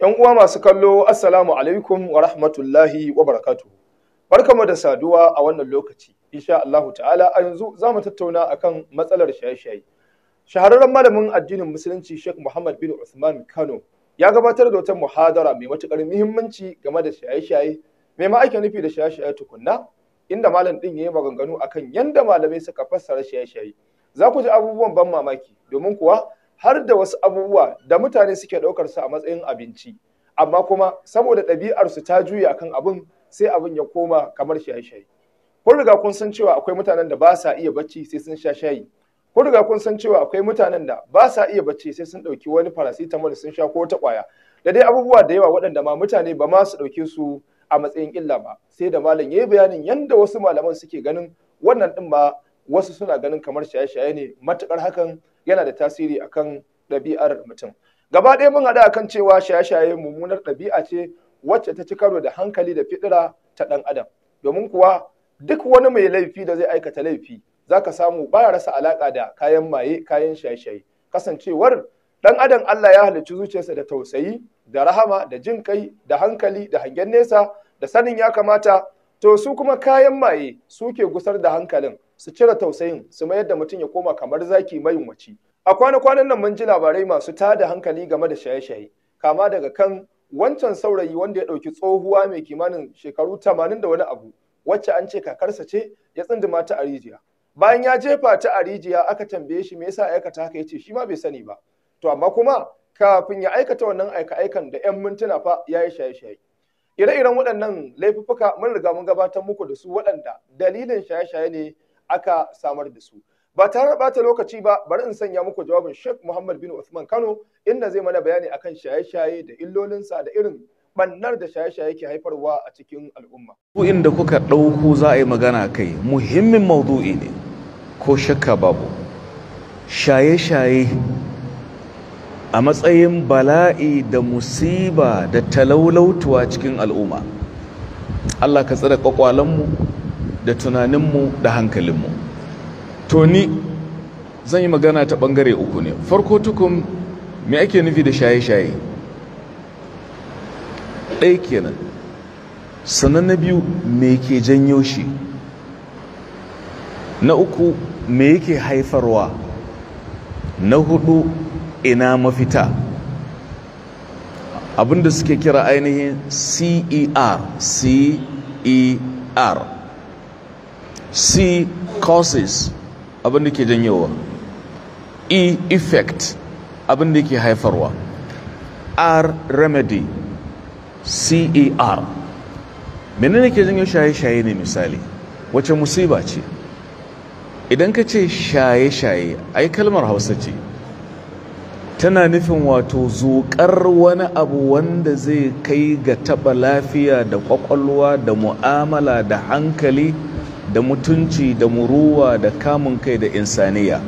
'Yan uwa masu kallo, Assalamu alaikum wa rahmatullahi wa barakatu Barkamu da saduwa a wannan lokaci, insha Allahu ta'ala a yanzu za mu tattauna akan matsalar shaye-shaye. Shahararren malamin addinin Musulunci Sheikh Muhammad bin Usman Kano ya gabatar da wata muhadara mai matuƙar muhimmanci game da shaye-shaye, mai ma ake nufi da shaye-shaye tukunna, inda malam ɗin ya yi maganganu akan yanda malamai suka fassara shaye-shaye. Za ku ji abubuwan ban mamaki, domin kuwa har da wasu abubuwa da mutane suke ɗaukar su a matsayin abinci amma kuma saboda ɗabi'ar su ta juya kan abin sai abin ya koma kamar shaye-shaye kun riga kun san cewa akwai mutanen da ba sa iya bacci sai sun sha shayi kun riga kun san cewa akwai mutanen da ba sa iya bacci sai sun ɗauki wani paracetamol sun sha ko ta ƙwaya da dai abubuwa da yawa waɗanda ma mutane ba ma su ɗauke su a matsayin illa ba sai da malam ya yi bayanin yadda wasu malaman suke ganin wannan ɗin ma wasu suna ganin kamar shaye-shaye ne matuƙar hakan yana da tasiri akan ɗabi'ar mutum gaba ɗaya mun haɗu kan cewa shaye-shaye mummunar ɗabi'a ce wacce ta ci karo da hankali da fitira ta ɗan adam domin kuwa duk wani mai laifi da zai aikata laifi za ka samu ya rasa alaƙa da kayan maye kayan shaye-shaye kasancewar ɗan adam Allah ya halicci zuciyarsa da tausayi da rahama da jin kai da hankali da hangen nesa da sanin ya kamata to su kuma kayan maye suke gusar da hankalin su cire tausayin su mayar da mutum ya koma kamar zaki mai mayunwaci a kwana-kwanan nan mun ji labarai masu tada hankali game da shaye-shaye kama daga kan wancan saurayi wanda ya ɗauki tsohuwa mai kimanin shekaru tamanin da wani abu wacce an ce kakarsa ce ya tsinduma ta a rijiya bayan ya jefa ta a rijiya aka tambaye shi me yasa aikata haka yace shi ma bai sani ba to amma kuma kafin ya aikata wannan aika-aikan da 'yan mintuna fa ya yi shaye-shaye ire-iren waɗannan laifuffuka mun riga mun gabatar muku da su waɗanda dalilin shaye-shaye ne aka samar da su ba tare da bata lokaci ba bari in sanya muku jawabin Sheikh Muhammad bin Uthman Kano inda zai mana bayani akan shaye-shaye da illolinsa da irin bannar da shaye-shaye ke haifarwa a cikin al'umma. Maudu'in da kuka ɗauko za a yi magana kai muhimmin mawdu'i ne ko shakka babu. Shaye-shaye a matsayin bala'i da musiba da talaulautuwa cikin al'umma. Allah ka tsare mu. da tunaninmu da hankalinmu to ni zan yi magana ta bangare uku ne farko tukun me ake nufi da shaye-shaye ɗaya kenan sannan na biyu me ke janyo shi na uku me yake haifarwa na hudu ina mafita abinda suke kira ainihin cer cer see causes abin ke janyowa e effect abin ke haifarwa r remedy cer menene ke janyo shaye-shaye ne misali wace musiba ce idan ka ce shaye-shaye ai kalmar hausa ce tana nufin wato zuƙar wani abu wanda zai kai ga taɓa lafiya da ƙwaƙwalwa da mu'amala da hankali da mutunci da muruwa da kamun kai da insaniya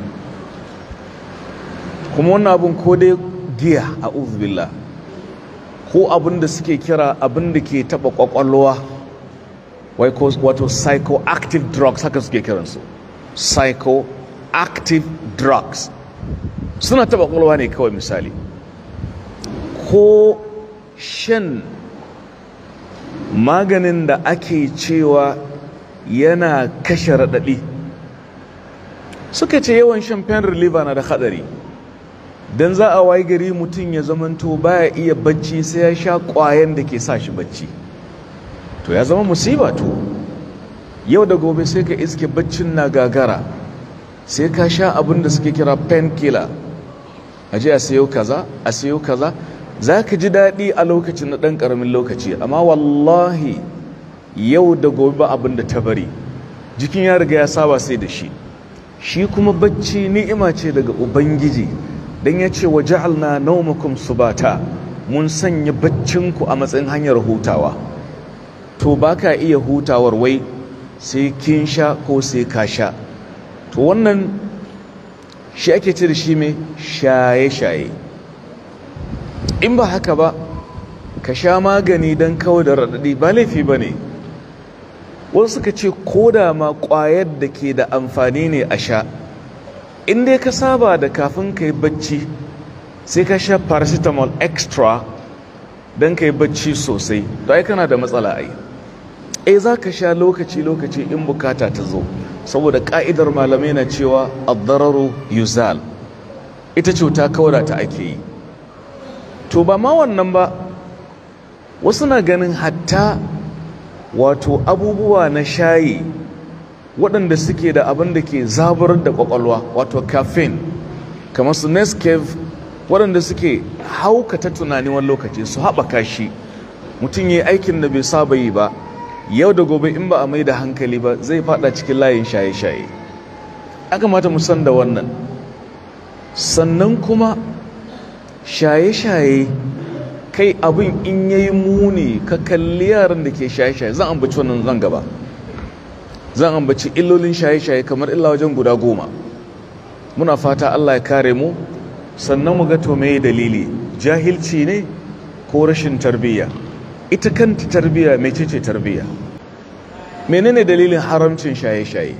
kuma wani abin ko dai giya a uzbillah ko abin da suke kira abin da ke taba kwakwalwa wato psychoactive drugs haka suke kiransu psychoactive drugs suna taba kwakwalwa ne kawai misali ko shan maganin da ake cewa yana kashe raɗaɗi suka ce yawan shan pain reliever na da haɗari don za a waye gari mutum ya zamanto baya iya bacci sai ya sha ƙwayan da ke sa shi bacci to ya zama musiba to yau da gobe sai ka iske baccin na gagara sai ka sha abin da suke kira painkiller a ji a sayo kaza a sayo kaza za ka ji daɗi a lokacin na ɗan ƙaramin lokaci amma wallahi yau da gobe ba abin da ta bari jikin ya riga ya saba sai da shi shi kuma bacci ni'ima ce daga ubangiji don ya ce wa ja'alna naumakum subata mun sanya baccinku a matsayin hanyar hutawa to baka iya hutawar wai sai kin sha ko sai ka sha to wannan shi ake ce da shi mai shaye-shaye in ba haka ba ka sha magani don kawo da raɗaɗi ba laifi ba ne wasu suka ce ko da ma ƙwayar da ke da amfani ne a sha in dai ka saba da kafin ka yi bacci sai ka sha paracetamol extra don ka yi bacci sosai to ai kana da matsala ai ai eh, za ka sha lokaci-lokaci in bukata ta zo saboda ƙa'idar malamai na cewa addararu yuzal ita cuta kawada ta ake yi to ba ma wannan ba wasu na ganin hatta wato abubuwa na shayi waɗanda suke da abin da ke zabar da ƙwaƙwalwa wato caffeine kamar su nescafe waɗanda suke haukata tunani wani lokaci su haɓaka shi mutum ya yi aikin da bai saba yi ba yau da gobe in ba a mai da hankali ba zai fada cikin layin shaye-shaye an kamata mu san da wannan sannan kuma shaye-shaye kai abin in ya yi muni ka kalli yaran da ke shaye-shaye zan ambaci wannan zan gaba zan ambaci illolin shaye-shaye kamar illa wajen guda goma muna fata Allah ya kare mu sannan mu ga to me dalili jahilci ne ko rashin tarbiyya ita kanta tarbiyya mai cece tarbiyya menene dalilin haramcin shaye-shaye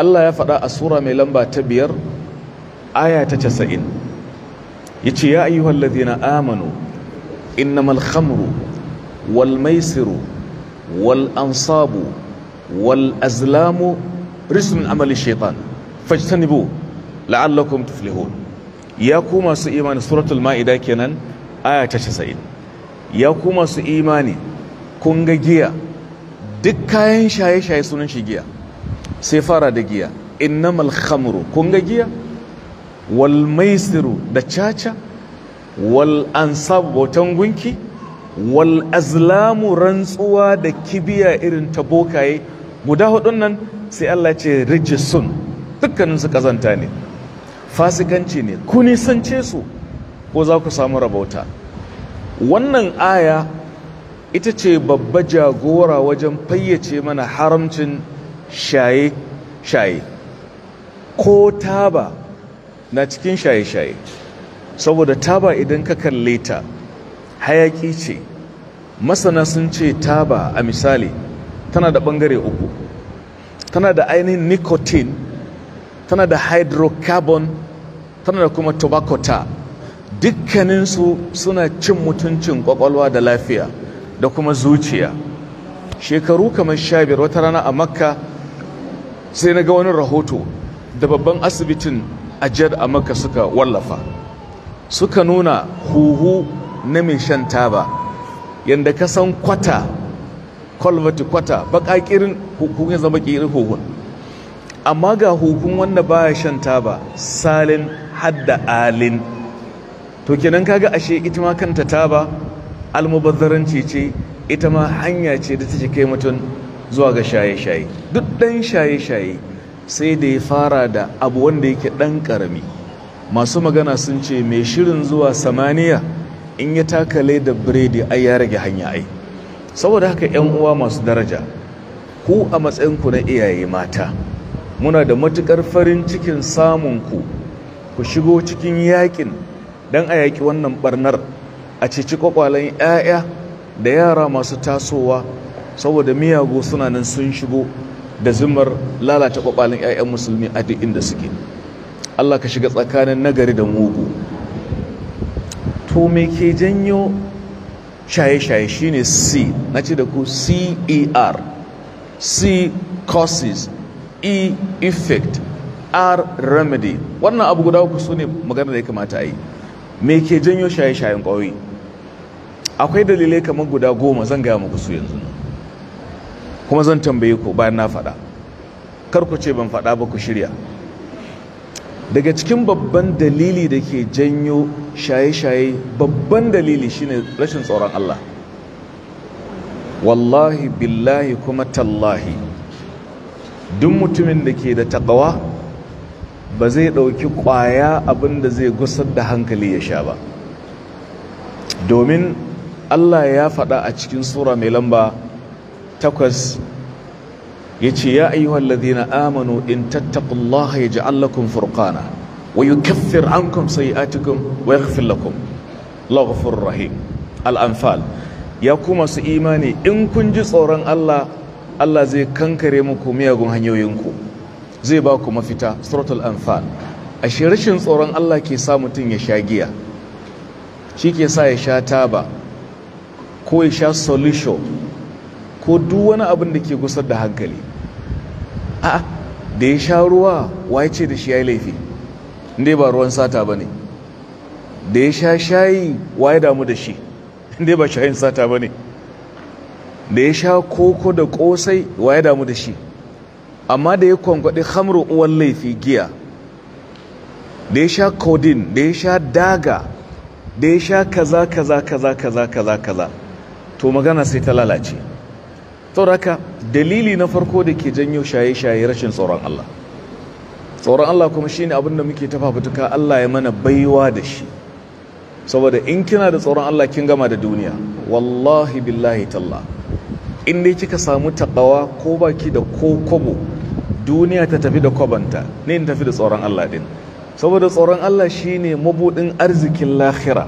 Allah ya faɗa a sura mai lamba ta biyar aya ta casa'in ya ce ya ayyuhallazina amanu إنما الخمر والميسر والأنصاب والأزلام رجس من عمل الشيطان فاجتنبوه la'allakum tuflihun ya ku masu imani suratul ma'ida kenan aya ta 90 ya ku masu imani kunga ga giya duk kayan shaye-shaye sunan shi giya sai fara da giya innamal khamru kunga giya wal da caca wal ansab bautan gunki wal azlamu rantsuwa da kibiya irin ta bokaye guda hudun nan sai Allah ce rijisun dukkanin su kazanta ne fasikanci ne ku nisance su ko za ku samu rabauta wannan aya ita ce babba jagora wajen fayyace mana haramcin shaye-shaye ko taba na cikin shaye-shaye saboda taba idan ka kalle ta hayaki ce masana sun ce taba a misali tana da bangare uku tana da ainihin nicotine tana da hydrocarbon tana da kuma tobacco ta dukkaninsu suna cin mutuncin kwakwalwa da lafiya da kuma zuciya shekaru kamar sha biyar wata rana a makka sai na ga wani rahoto da babban asibitin ajiyar a makka suka wallafa suka nuna huhu na mai shan taba yadda ka san kwata kwalvati kwata baka kirin, huhu ya zama kirin huhu. amma ga huhun wanda baya shan taba salin hadda alin to kenan kaga ashe ita ma kanta taba almubazzaranci ce ita ma hanya ce da take kai mutum zuwa ga shaye-shaye duk ɗan shaye-shaye sai da ya fara da abu wanda yake ɗan ƙarami masu magana sun ce mai shirin zuwa samaniya in ya takale da biredi ai ya rage hanya ai saboda haka yan uwa masu daraja ku a matsayinku na iyaye mata muna da matukar farin cikin samun ku ku shigo cikin yakin dan a yaki wannan barnar a cici kwakwalen 'ya'ya da yara masu tasowa saboda miyago suna nan sun shigo da zimmar lalata kwakwalen 'ya'yan musulmi a duk inda suke Allah ka shiga tsakanin nagari da mugu to me ke janyo shaye-shaye shine C na ce da ku CER C causes E effect R remedy wannan abu guda uku su ne magana da ya kamata a yi me ke janyo shaye-shayen kwayoyi akwai dalilai kamar guda goma zan gaya muku su yanzu kuma zan tambaye ku bayan na faɗa kar ku ce ban faɗa ba ku shirya daga cikin babban dalili da ke janyo shaye-shaye babban dalili shine rashin tsoron Allah wallahi billahi kuma tallahi duk mutumin da ke da takawa ba zai ɗauki ƙwaya abin da zai gusar da hankali ya sha ba domin Allah ya faɗa a cikin sura mai lamba takwas Ya ce ya ayyuhal na amanu in tattaqullaha yaj'al lakum furqana wa yukaffir ankum sayi'atikum wa yaghfir lakum Allahu ghafurur rahim al ya ku masu imani in kun ji tsoron Allah Allah zai kankare muku miyagun hanyoyinku zai ba ku mafita suratul anfal a rashin tsoron Allah ke sa mutum ya sha giya shi ke sa ya sha taba ko ya sha solution ko duk wani abin da ke gusar da hankali a da ya sha ruwa waye ce da shi ya yi laifi inda ba ruwan sata ba ne da ya sha shayi wa ya damu da shi inda ba shayin sata ba ne da ya sha koko da kosai ya damu da shi amma da ya kwankwaɗi hamru uwan laifi giya da ya sha kodin da ya sha daga da ya sha kaza kaza kaza kaza kaza kaza to magana sai ta lalace tsoraka dalili na farko da ke janyo shaye-shaye rashin tsoron Allah tsoron Allah kuma shine abin da muke tafa fafutuka Allah ya mana baiwa da shi saboda in kina da tsoron Allah kin gama da duniya wallahi billahi talla in dai kika samu takawa ko baki da ko kobo duniya ta tafi da kobanta ne in tafi da tsoron Allah din saboda tsoron Allah shine mabudin arzikin lahira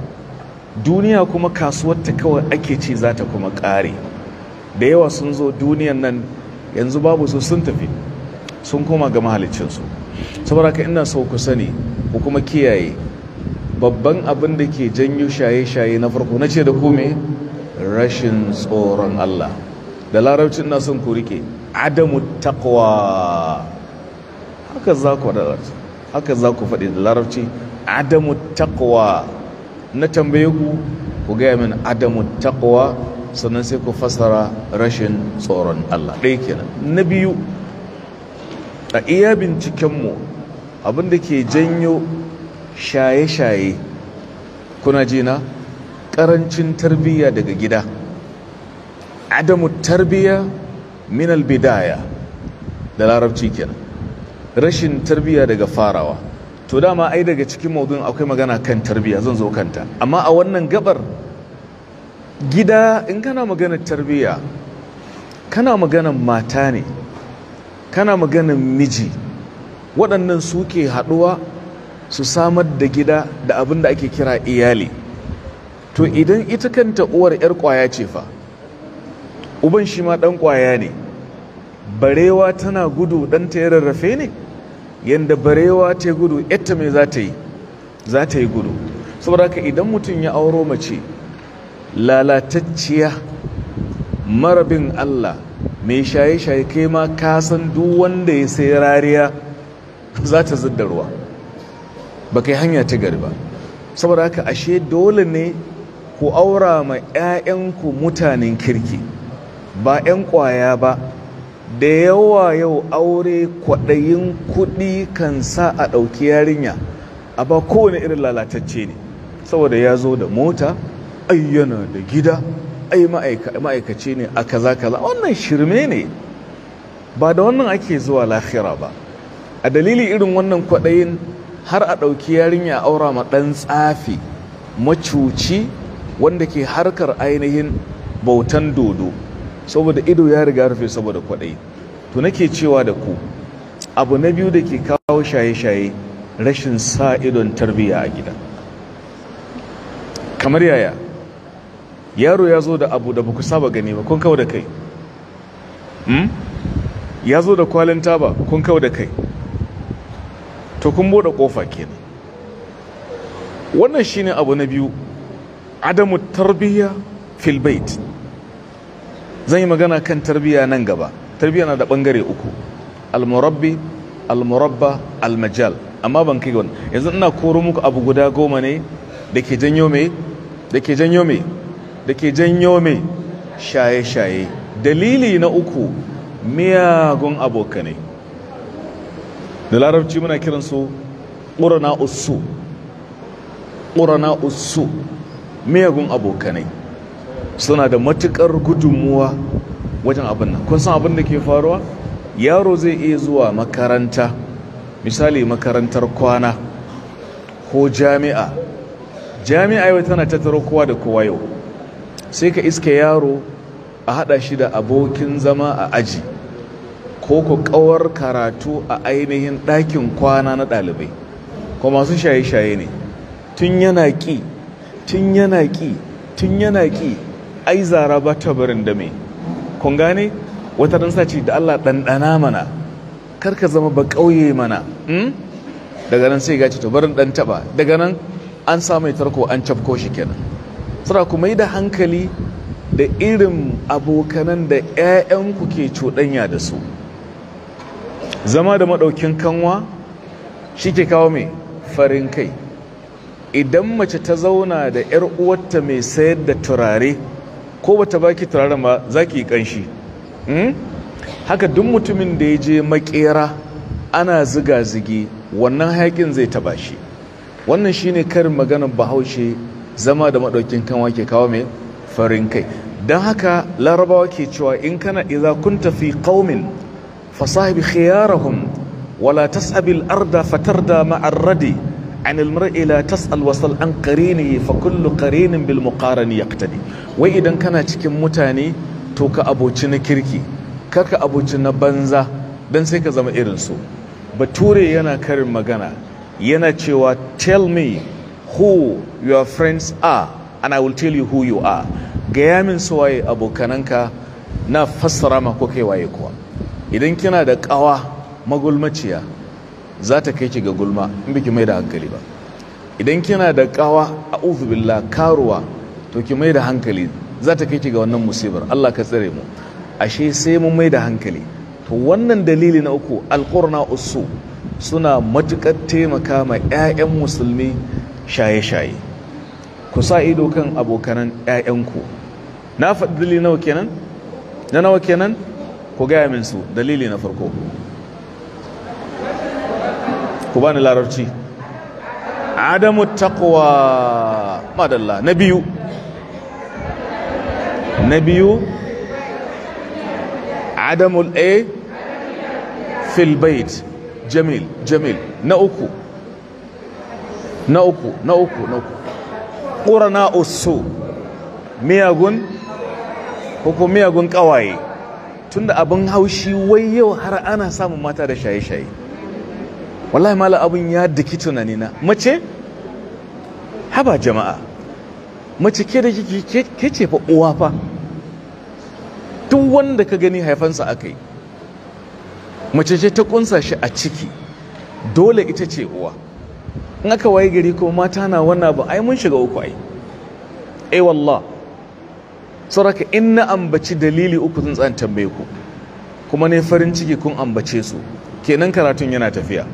duniya kuma kasuwar ta kawai ake ce za ta kuma kare. da yawa sun zo duniyan nan yanzu babu su sun tafi sun koma ga mahalicinsu saboda ka ina sau ku sani ku kuma kiyaye babban abin da ke janyo shaye-shaye na farko na ce da ku me rashin tsoron Allah da larabcin na son ku rike adamu taqwa haka za ku da haka za ku faɗi da larabci adamu taqwa na tambaye ku ku gaya min adamu taqwa sannan sai ku fasara rashin tsoron Allah ɗaya kenan na biyu a iya bincikenmu abinda ke janyo shaye-shaye kuna jina ƙarancin tarbiyya daga gida adamu tarbiyya min albidaya da larabci kenan rashin tarbiyya daga farawa to dama ai daga cikin maudun akwai magana kan tarbiyya zan zo kanta amma a wannan gabar gida in kana maganar tarbiyya kana maganar mata ne kana maganar miji waɗannan suke haɗuwa su samar da gida da abin da ake kira iyali to idan ita kanta uwar 'yar ƙwaya ce fa uban shi ma ɗan ƙwaya ne barewa tana gudu ɗanta ya rarrafe ne yadda barewa ta gudu yadda mai za ta yi za ta yi gudu saboda haka idan mutum ya auro mace lalatacciya marabin Allah mai shaye-shaye kai ma kasan duk wanda ya sai rariya za ta ziddarwa ba kai hanya ta gari ba saboda haka ashe dole ne ku aura ma 'ya'yanku mutanen kirki ba 'yan kwaya ba da yawa yau aure kwaɗayin kuɗi kan sa a ɗauki yarinya a ba kowane irin lalatacce ne saboda ya zo da mota ai da gida ai ma'aikaci ne a kaza kaza wannan shirme ne ba da wannan ake zuwa lahira ba a dalili irin wannan kwaɗayin har a ɗauki yarinya aura ma ɗan tsafi macuci wanda ke harkar ainihin bautan dodo saboda ido ya riga rufe saboda kwaɗayi to nake cewa da ku abu na biyu da ke kawo shaye-shaye rashin sa idon tarbiyya a gida kamar yaya yaro ya zo da abu da ba saba gani ba kun kawo da kai hmm? ya zo da kwalin taba kun kawo da kai to kun bude kofa kenan wannan shine abu na biyu adamu tarbiyya fil bait zan yi magana kan tarbiyya nan gaba tarbiyya na da bangare uku murabba al almajal amma ban kai wannan yanzu ina koro muku abu guda goma ne da ke janyo me da janyo me da ke janyo mai shaye-shaye dalili na uku miyagun abokanai da larabci muna kiransu ƙurana usu ƙurana usu miyagun abokanai suna da matuƙar gudunmuwa wajen abin nan kun san abin da ke faruwa yaro zai iya zuwa makaranta misali makarantar kwana ko jami'a jami'a yau tana tattaro kowa da kowa yau sai ka iska yaro a hada shi da abokin zama a aji ko ku kawar karatu a ainihin ɗakin kwana na ɗalibai ko masu shaye-shaye ne tun yana ƙi tun yana ƙi tun yana ƙi ai zara ba ta da me kun gane wata dan sace da allah ɗanɗana mana kar ka zama ba ƙauye mana hmm? daga nan sai gaci to barin ɗan taɓa daga nan an samu tarko an cafko shi kenan suna ku mai da hankali da irin abokanan da 'ya'yanku ke cuɗanya da su zama da maɗaukin kanwa shi ke kawo mai farin kai idan mace ta zauna da 'yar uwarta mai sayar da turare ko ta baki turaren ba za ki yi ƙanshi hmm? haka duk mutumin da ya je makera ana ziga zige wannan hayakin zai taba shi wannan shine karin maganar bahaushe zama da maɗaukin kanwa ke kawo mai farin kai don haka larabawa ke cewa in kana iza kun tafi ƙaumin fasahibi khiyarahum wala tas'abil arda fatarda ma'ar radi an ilmar la tas'al wasal an qarinihi fa kullu qarinin bil muqarani yaqtadi wai idan kana cikin mutane to ka aboci na kirki kaka aboci na banza dan sai ka zama irin su bature yana karin magana yana cewa tell me who your friends are and I will tell you who you are gaya min su waye abokananka na fassara ma ko kai waye kuwa idan kina da kawa magulmaciya za ta kai ki ga gulma in biki mai da hankali ba idan kina da ƙawa a billah karuwa to ki mai da hankali za ta kai ki ga wannan musibar Allah ka tsare mu ashe sai mun mai da hankali to wannan dalili na uku alqurna usu suna matukar taimaka ma 'ya'yan musulmi shaye-shaye ku sa ido kan abokanan 'ya'yanku na faɗi dalili nawa kenan na nawa kenan ku gaya min su dalili na farko ku bani larabci adamu taqwa madalla na biyu na biyu Adamu a fil jamil jamil na uku na uku na uku na uku ƙurana osu miyagun Koko miyagun ƙawaye tunda abin haushi wai yau har ana samun mata da shaye-shaye wallahi mala abin ya diki tunanina mace haba jama'a mace ke da ke ce fa uwa fa duk wanda ka gani haifansa aka yi mace ce ta kunsa shi a ciki dole ita ce uwa in aka waye gari ko mata na wannan ba ai mun shiga uku ai eh wallah saraka in na ambaci dalili uku zan tsan tambaye ku kuma ne farin ciki kun ambace su kenan karatun yana tafiya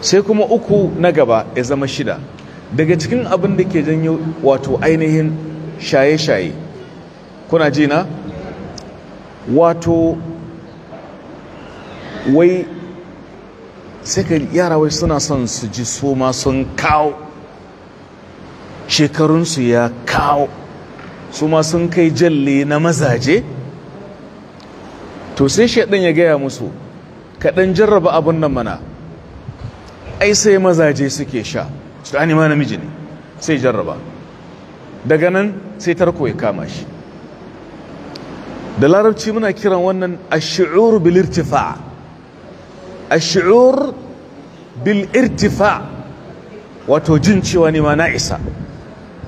sai kuma uku na gaba ya zama shida daga cikin abin da ke janyo wato ainihin shaye-shaye kuna jina wato wai sai ka yara wai suna son su ji su ma sun kawo shekarunsu ya kawo su ma sun kai jalle na mazaje to sai shaɗin ya gaya musu kaɗan jarraba abin nan mana ai sai mazaje suke sha su ɗani ma namiji ne sai jarraba daga nan sai tarko ya kama shi da larabci muna kiran wannan a shi'ur bilirtifa ash'ur bil irtifa wato jin cewa ne ma na isa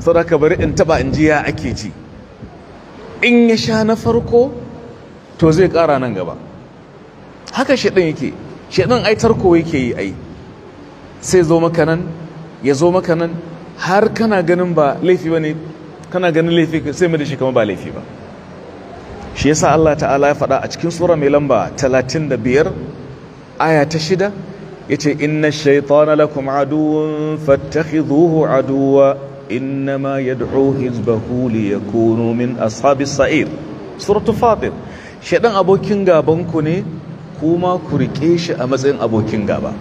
saraka bari in taba in ji ya ake ji in ya sha na farko to zai kara nan gaba haka shaɗin yake shaɗin aitar kowai yake yi ai sai zo maka nan ya zo maka nan har kana ganin ba laifi ba ne kana ganin laifi sai mai da shi kama ba laifi ba shi yasa Allah ta'ala ya faɗa a cikin sura mai lamba 35 aya ta shida ya ce inna shaitana lakum aduwun fattakhizuhu aduwa innama yad'u hizbahu kono min ashabis sa'ir suratu fatir shaidan abokin gabanku ne kuma ku riƙe shi a matsayin abokin gaba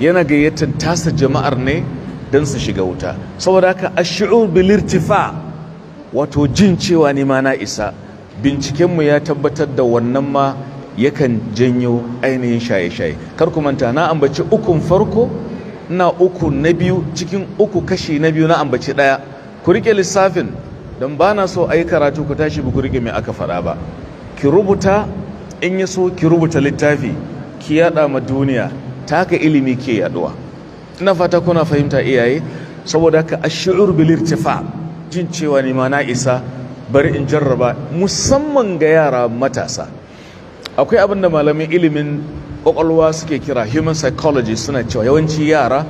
yana gayyatar tasa jama'ar ne don su shiga wuta saboda haka ash'ur bil irtifa wato jin cewa ni ma na isa bincikenmu ya tabbatar da wannan ma yakan janyo ainihin shaye-shaye kar ku manta na ambaci ukun farko na uku na biyu cikin uku kashi na biyu na ambaci ɗaya ku rike lissafin don ba na so a yi karatu ku tashi ku rike mai aka faɗa ba ki rubuta in ya so ki rubuta littafi ki yaɗa ma duniya ta haka ilimi ke yaɗuwa ina fata kuna fahimta iyaye saboda haka shi'ur bilir tafa. jin cewa ne ma na isa bari in jarraba musamman ga yara matasa akwai abin da malamin ilimin kwakwalwa suke kira human psychology suna cewa yawanci yara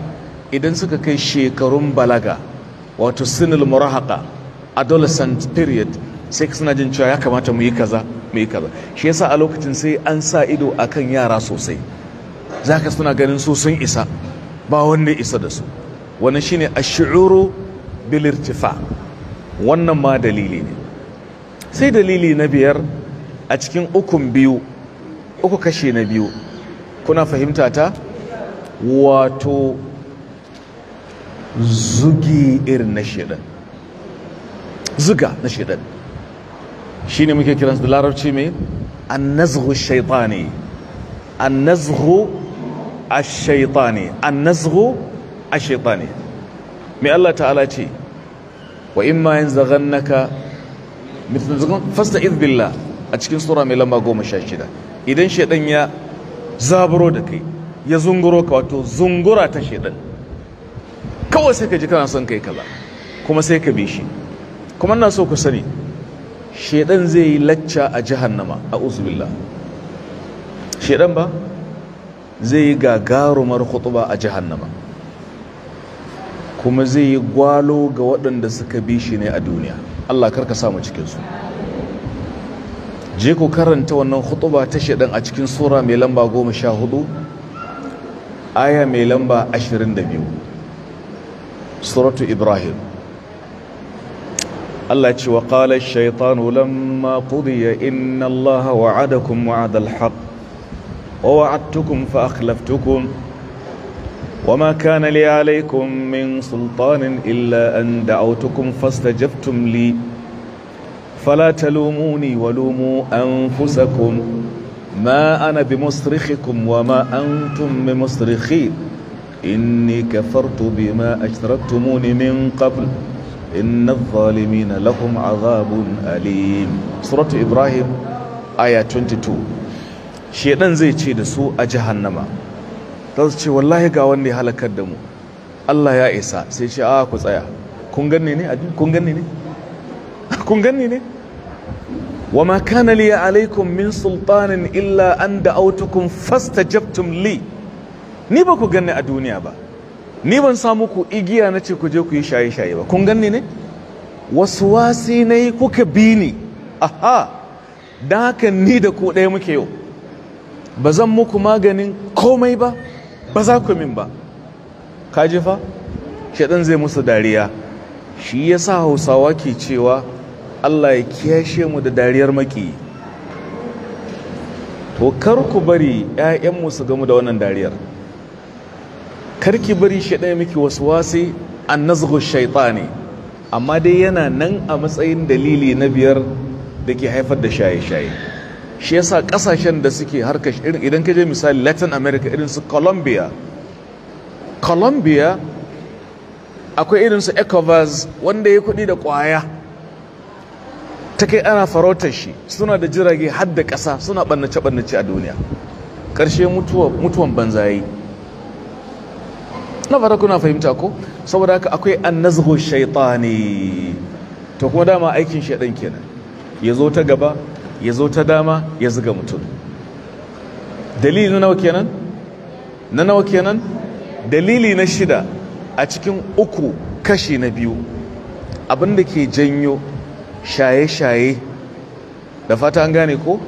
idan suka kai shekarun balaga wato sinil murahaka adolescent period sai suna jin cewa ya kamata mu yi kaza mu yi kaza shi yasa a lokacin sai an sa ido akan yara sosai za ka suna ganin su sun isa ba wanda isa da su wani shine ne a bil wannan ma dalili ne sai dalili na biyar a cikin ukun biyu uku kashe na biyu kuna fahimta ta wato zugi irin na shidan zuga na Shi ne muke kiransu da larabci mai a shaitani ne. ash-shaytani a shaita ne. mai Allah ta'ala ce wa imma yanzaghannaka mithlan fasta izbillah a cikin sura mai lamba goma sha shida. idan shaidan ya zaburo da kai ya zunguro ka wato zungura ta shaidan kawai sai ka ji kana son kai kaza kuma sai ka bi shi kuma ina so ku sani shaidan zai yi lacca a jahannama a uzubillah shaidan ba zai yi gagarumar khutuba a jahannama kuma zai yi gwalo ga waɗanda suka bi shi ne a duniya Allah karka samu cikinsu je ku karanta wannan hutuba ta shaɗan a cikin sura mai lamba goma sha hudu aya mai lamba ashirin da biyu suratu ibrahim Allah ce wa ƙala shaitanu lamma ƙudiya inna Allah wa'adakum wa'ad al-haq wa wa'adtukum fa akhlaftukum وما كان لي عليكم من سلطان إلا أن دعوتكم فاستجبتم لي fala ta ni wa talumuni walumu anfusakum ma ana ma an tun In bimusrikhikum wama antum bimusrikhi inni kafartu bima muni min qabl inna adh-dhalimina lahum azabun alim suratu ibrahim aya 22 shedan zai ce da su a jahannama Ta su ce wallahi ga wanda ya halakar da mu Allah ya isa sai ce a ku tsaya kun ganni ne kun ganni ne kun ganni ne وما كان لي عليكم من سلطان إلا autukun دعوتكم فاستجبتم لي ni ba ku ganni a duniya ba ni ban samu ku igiya na ce ku je ku yi shaye-shaye ba kun ganni ne wasu wasi na yi kuka bi ni aha da haka ni da ku ɗaya muke yau ba zan muku maganin komai ba ba za ku min ba kaji fa shaɗan zai musu dariya shi ya sa hausawa ke cewa Allah ya kiyashe mu da dariyar maki to kar ku bari mu su gamu da wannan dariyar kar ki bari shi ɗaya miki waswasi annazghu shaytani amma dai yana nan a matsayin dalili na biyar da ke haifar da shaye-shaye shi yasa kasashen da suke harkar irin idan ka je misali Latin America irin su Colombia Colombia akwai irin su Ecovas wanda ya kuɗi da ƙwaya ta kai ana farautar shi suna da jirage har da ƙasa suna ɓannace-ɓannace a duniya ƙarshe mutuwan banzayi na fara kuna fahimta ko saboda haka akwai an nazho shaitani to kuma dama aikin shaidan kenan ya zo ta gaba ya zo ta dama ya zuga mutum dalili na nawa kenan na nawa kenan dalili na shida a cikin uku kashi na biyu abinda ke janyo shaye-shaye da fatan gane ko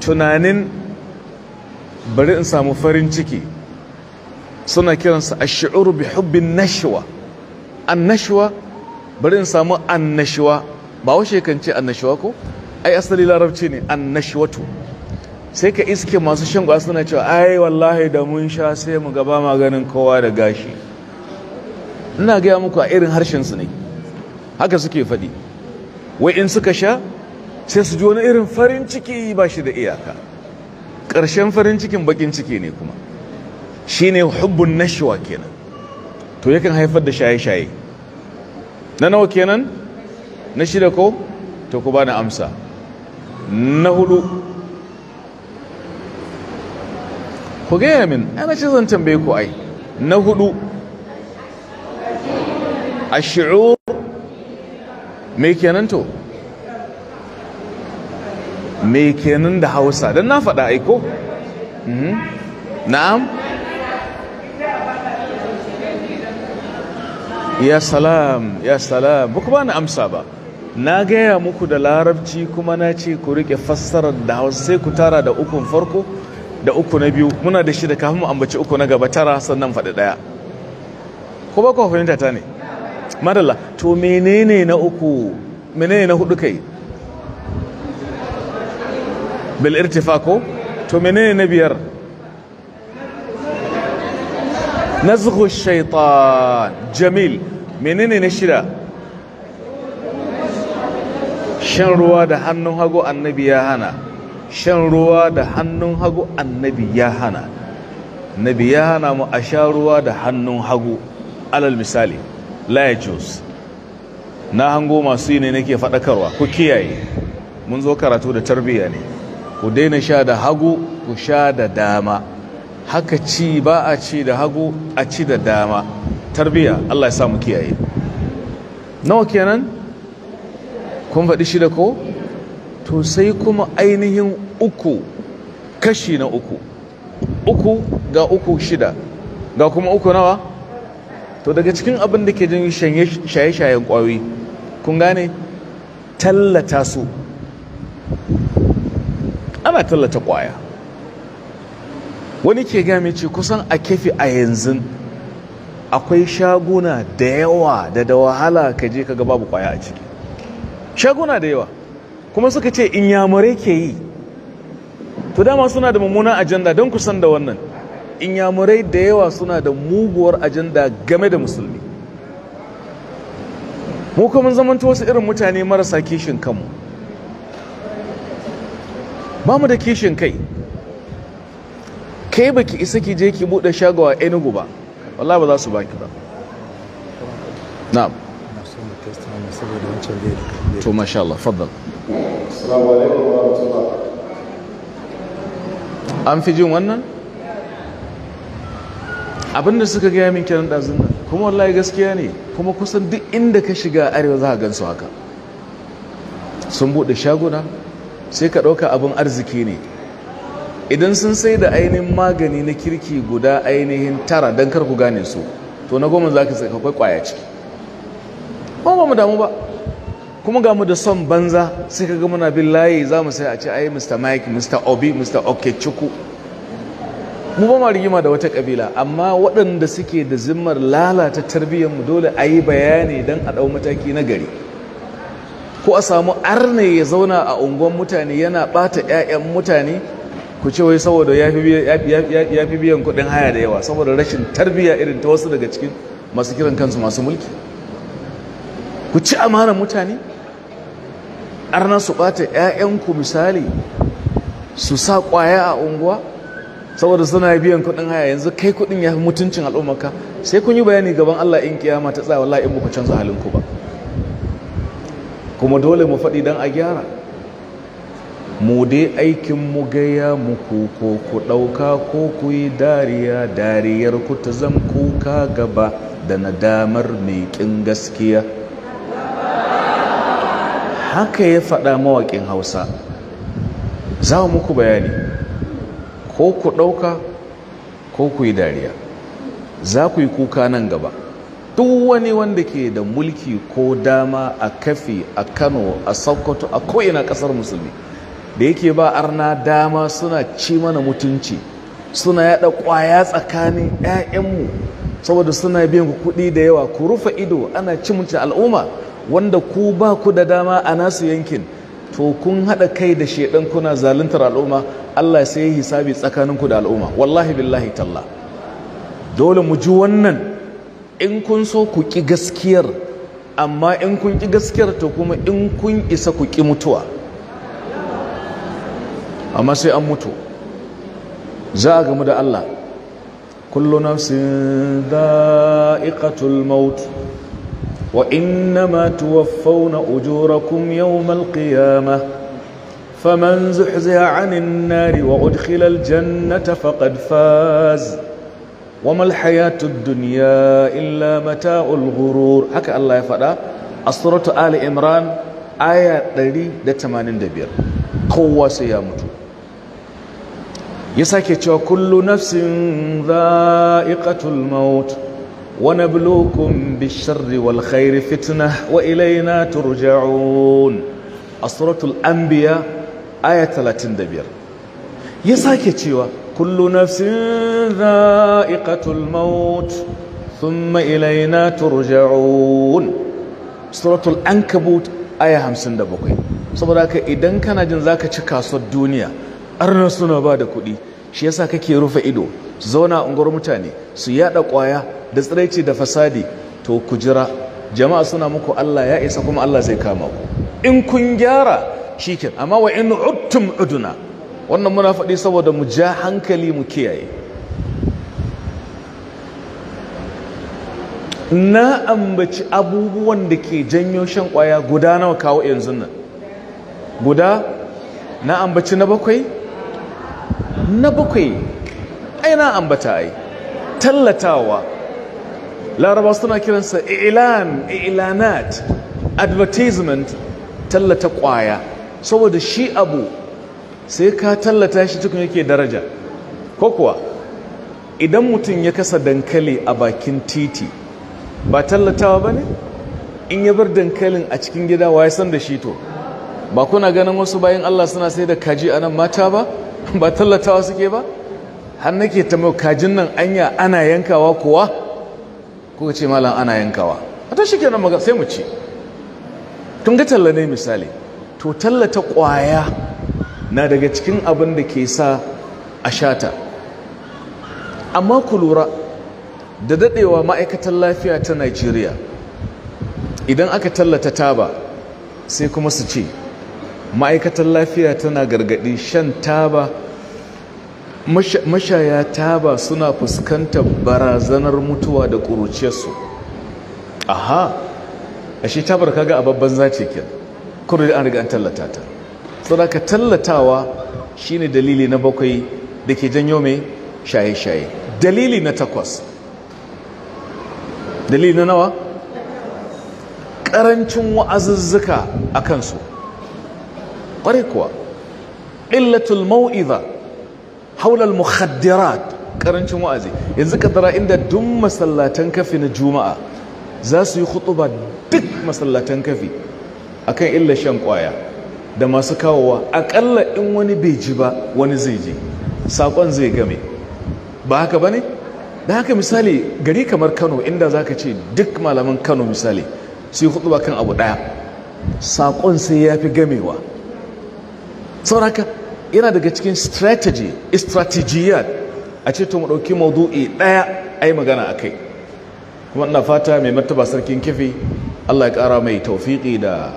tunanin bari in samu farin ciki suna kiransa a ashi'uru bi hubbin nashwa bari in samu annashwa ba washe kan ce annashwa ko ai asali larabci ne annashwatu sai ka iske masu shan gwa suna cewa ai wallahi da mun sha sai mu gaba maganin kowa da gashi ina gaya muku a irin harshen su ne haka suke faɗi wai in suka sha sai su ji wani irin farin ciki ba shi da iyaka ƙarshen farin cikin bakin ciki ne kuma Shi ne hubbun nashiwa kenan to yakan haifar da shaye-shaye na nawa kenan na shida ko to ku bani amsa na hudu ku gaya min ana ce zan tambaye ku ai na hudu a shi'ur me kenan to me kenan da hausa don na faɗa aiko mhm. na'am ya salam ya salam ba ba na amsa ba na gaya muku da larabci kuma na ce ku rike fassarar da hausa sai ku tara da ukun farko da uku na biyu muna da shi da kafin mu ambaci uku na gaba tara sannan faɗi ɗaya ko ba ku fahimta ta ne madalla to menene na uku menene na hudu kai bil irtifaqo to menene na biyar nazghu shaitan jamil menene na shida shan ruwa da hannun hagu annabi ya hana shan ruwa da hannun hagu annabi ya hana nabi ya hana mu a sha ruwa da hannun hagu alal misali la na hango masu yi ne nake faɗakarwa ku kiyaye mun zo karatu da tarbiyya ne ku daina sha da hagu ku sha da dama haka ci ba a ci da hagu a ci da dama tarbiyya Allah ya sa kiyaye nawa kenan kun faɗi shida ko to sai kuma ainihin uku kashi na uku uku ga uku shida ga kuma uku nawa to daga cikin abin da ke jin shaye-shayen kwayoyi kun gane tallata su ana tallata kwaya wani ke game ce kusan a kefi a yanzu akwai shaguna da yawa da da wahala ka je ka ga babu kwaya a ciki shaguna da yawa kuma suka ce in inyamurai ke yi to dama suna da mummunan ajanda don kusan da wannan inyamurai da yawa suna da muguwar ajanda game da musulmi mu kuma zamanta wasu irin mutane marasa kishin kanmu ba mu da kishin kai kai ba ki isa ki je ki bude shagawa Enugu ba wallah ba za su baki ba na'am to masha Allah faddal assalamu alaikum wa rahmatullah an fi jin wannan abinda suka gaya min kiran ɗazun nan kuma wallahi gaskiya ne kuma kusan duk inda ka shiga arewa za a gansu haka sun buɗe shaguna sai ka ɗauka abin arziki ne idan sun sai da ainihin magani na kirki guda ainihin tara don karku gane su to na goma za ka kakwai kwaya ciki ba ba mu damu ba kuma ga mu da son banza sai ka gama na bin layi za mu sai a ce ai mr mike mr obi mr okechukwu mu ba ma rigima da wata kabila amma waɗanda suke da zimmar lalata tarbiyyar mu dole a yi bayani don a ɗau mataki na gari ko a samu arne ya zauna a unguwan mutane yana ɓata 'ya'yan mutane ku ce wai saboda ya fi biyan kuɗin haya da yawa saboda rashin tarbiyya irin ta wasu daga cikin masu kiran kansu masu mulki ku ci amanar mutane arna su ɓata 'ya'yanku misali su sa ƙwaya a unguwa saboda suna biyan kuɗin haya yanzu kai kuɗin ya fi mutuncin al'ummarka sai kun yi bayani gaban Allah in kiyama ta tsaya wallahi in muku canza ku. ba kuma dole mu faɗi dan a gyara mu dai aikin mu gaya muku ko ku ɗauka ko ku yi dariya dariyar ku ta zan kuka gaba da nadamar mai ƙin gaskiya haka ya faɗa mawaƙin hausa za muku bayani ko ku ɗauka ko ku yi dariya za ku yi kuka nan gaba duk wani wanda ke da mulki ko dama a kafi a kano a sokoto a ko'ina ƙasar musulmi da yake ba arna dama suna ci mana mutunci suna yada kwaya tsakanin 'ya'yanmu saboda suna biyan ku kuɗi da yawa ku rufe ido ana ci mutunci al'umma wanda ku ba ku da dama a nasu yankin to kun haɗa kai da shedan kuna zaluntar al'umma Allah sai ya hisabi tsakanin ku da al'umma wallahi billahi talla dole mu ji wannan in kun so ku ki gaskiyar amma in kun ki gaskiyar to kuma in kun isa ku ki mutuwa amma sai an mutu za a gamu da Allah kullu nafsin da'iqatul maut وإنما توفون أجوركم يوم القيامة فمن زحزح عن النار وأدخل الجنة فقد فاز وما الحياة الدنيا إلا متاع الغرور هكا الله يفعل السورة آل إمران آية دلي دتمان دبير قوة سيامته يساكي كل نفس ذائقة الموت ونبلوكم بالشر والخير فتنة وإلينا ترجعون أسرة الأنبياء آية 35 يساكي تشيوا كل نفس ذائقة الموت ثم إلينا ترجعون سورة الأنكبوت آية 57 saboda haka idan kana jin zaka ci kasuwar duniya arna suna ba da kuɗi shi yasa kake rufe ido su zauna unguwar mutane su yada kwaya da tsiraici da fasadi to ku jira jama'a suna muku Allah ya isa kuma Allah zai kama ku in kun gyara shikin amma wa in uttum uduna wannan muna faɗi saboda mu ja hankali mu kiyaye na ambaci abubuwan da ke janyo shan kwaya guda nawa kawo yanzu nan guda na ambaci na bakwai na bakwai aina ambata ai tallatawa laraba suna kiransa ilan ilanat advertisement tallata kwaya saboda shi abu sai ka tallata shi cikin yake daraja ko kuwa idan mutum ya kasa dankali a bakin titi ba tallatawa ba ne in ya bar dankalin a cikin gida wa ya san da shi to ba kuna ganin wasu bayan allah suna sai da kaji a nan mata ba ba tallatawa suke ba har nake ta kajin nan anya ana yankawa kuwa kuka ce malam ana yankawa a ta shi kenan maga sai mu ci tun ga talla ne misali to tallata kwaya na daga cikin abin da ke sa a shata amma ku lura da dadewa ma'aikatar lafiya ta Najeriya idan aka tallata taba sai kuma su ce ma'aikatar lafiya tana gargadi shan taba mashaya taba suna fuskantar barazanar mutuwa da ƙuruciyarsu aha a shi tabar kaga a babban zace ke kuri an riga an tallata ta saboda tallatawa shine dalili na bakwai da ke janyo mai shaye-shaye dalili na takwas dalili na nawa ƙarancin wa'azuzzuka a kansu ƙwarai kuwa illatul mau'iza haular muhaddirat karancin wa'azi yanzu kadara inda duk masallatan kafi na juma'a za su yi khutuba duk masallatan kafi akan illa shan kwaya da masu kawowa akalla in wani bai ji ba wani zai ji sakon zai game ba haka ne? da haka misali gari kamar Kano inda zaka ce duk malaman Kano misali su yi khutuba kan abu daya sakon sai yafi gamewa sauraka yana daga cikin strategy strategiyar a ce to mu ɗauki maudu'i ɗaya a yi magana a kai kuma ina fata mai martaba sarkin kifi allah ya ƙara mai taufiƙi da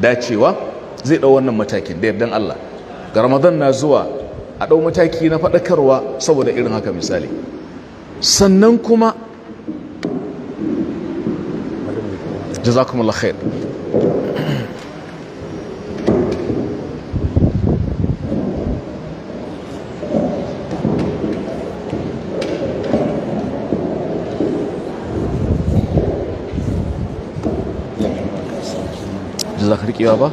dacewa zai ɗau wannan matakin da yardan allah ga ramadan na zuwa a ɗau mataki na faɗakarwa saboda irin haka misali sannan kuma jazakumullah khair kewa ba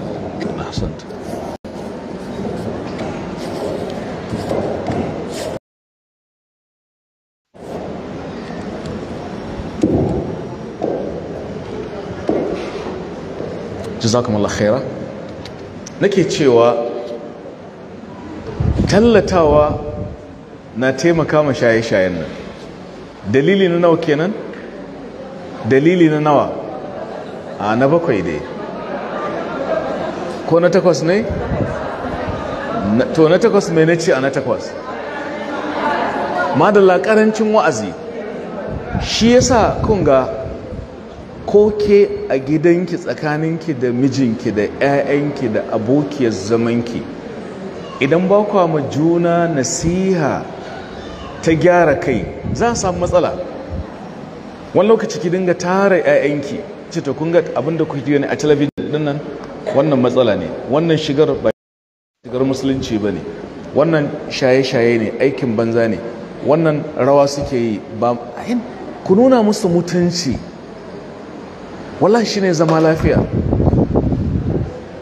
Jazakum Allah khaira nake cewa tallatawa na taimaka ma shaye-shayen nan dalili na nawa kenan dalili na nawa a na bakwai dai ko na takwas ne? to na takwas mai na ce a na takwas madalla karancin wa'azi shi yasa kun ga koke a gidanki tsakaninki da mijinki da 'ya'yanki da abokiyar zamanki idan ba kwa ma juna nasiha ta gyara kai za a samu matsala wani lokaci ki dinga tara 'ya'yanki ce ta kunga abinda kuke ne a talabijin dinnan wannan matsala ne wannan shigar ba shigar musulunci ba ne wannan shaye-shaye ne aikin banza ne wannan rawa suke yi ba ku nuna musu mutunci shi ne zama lafiya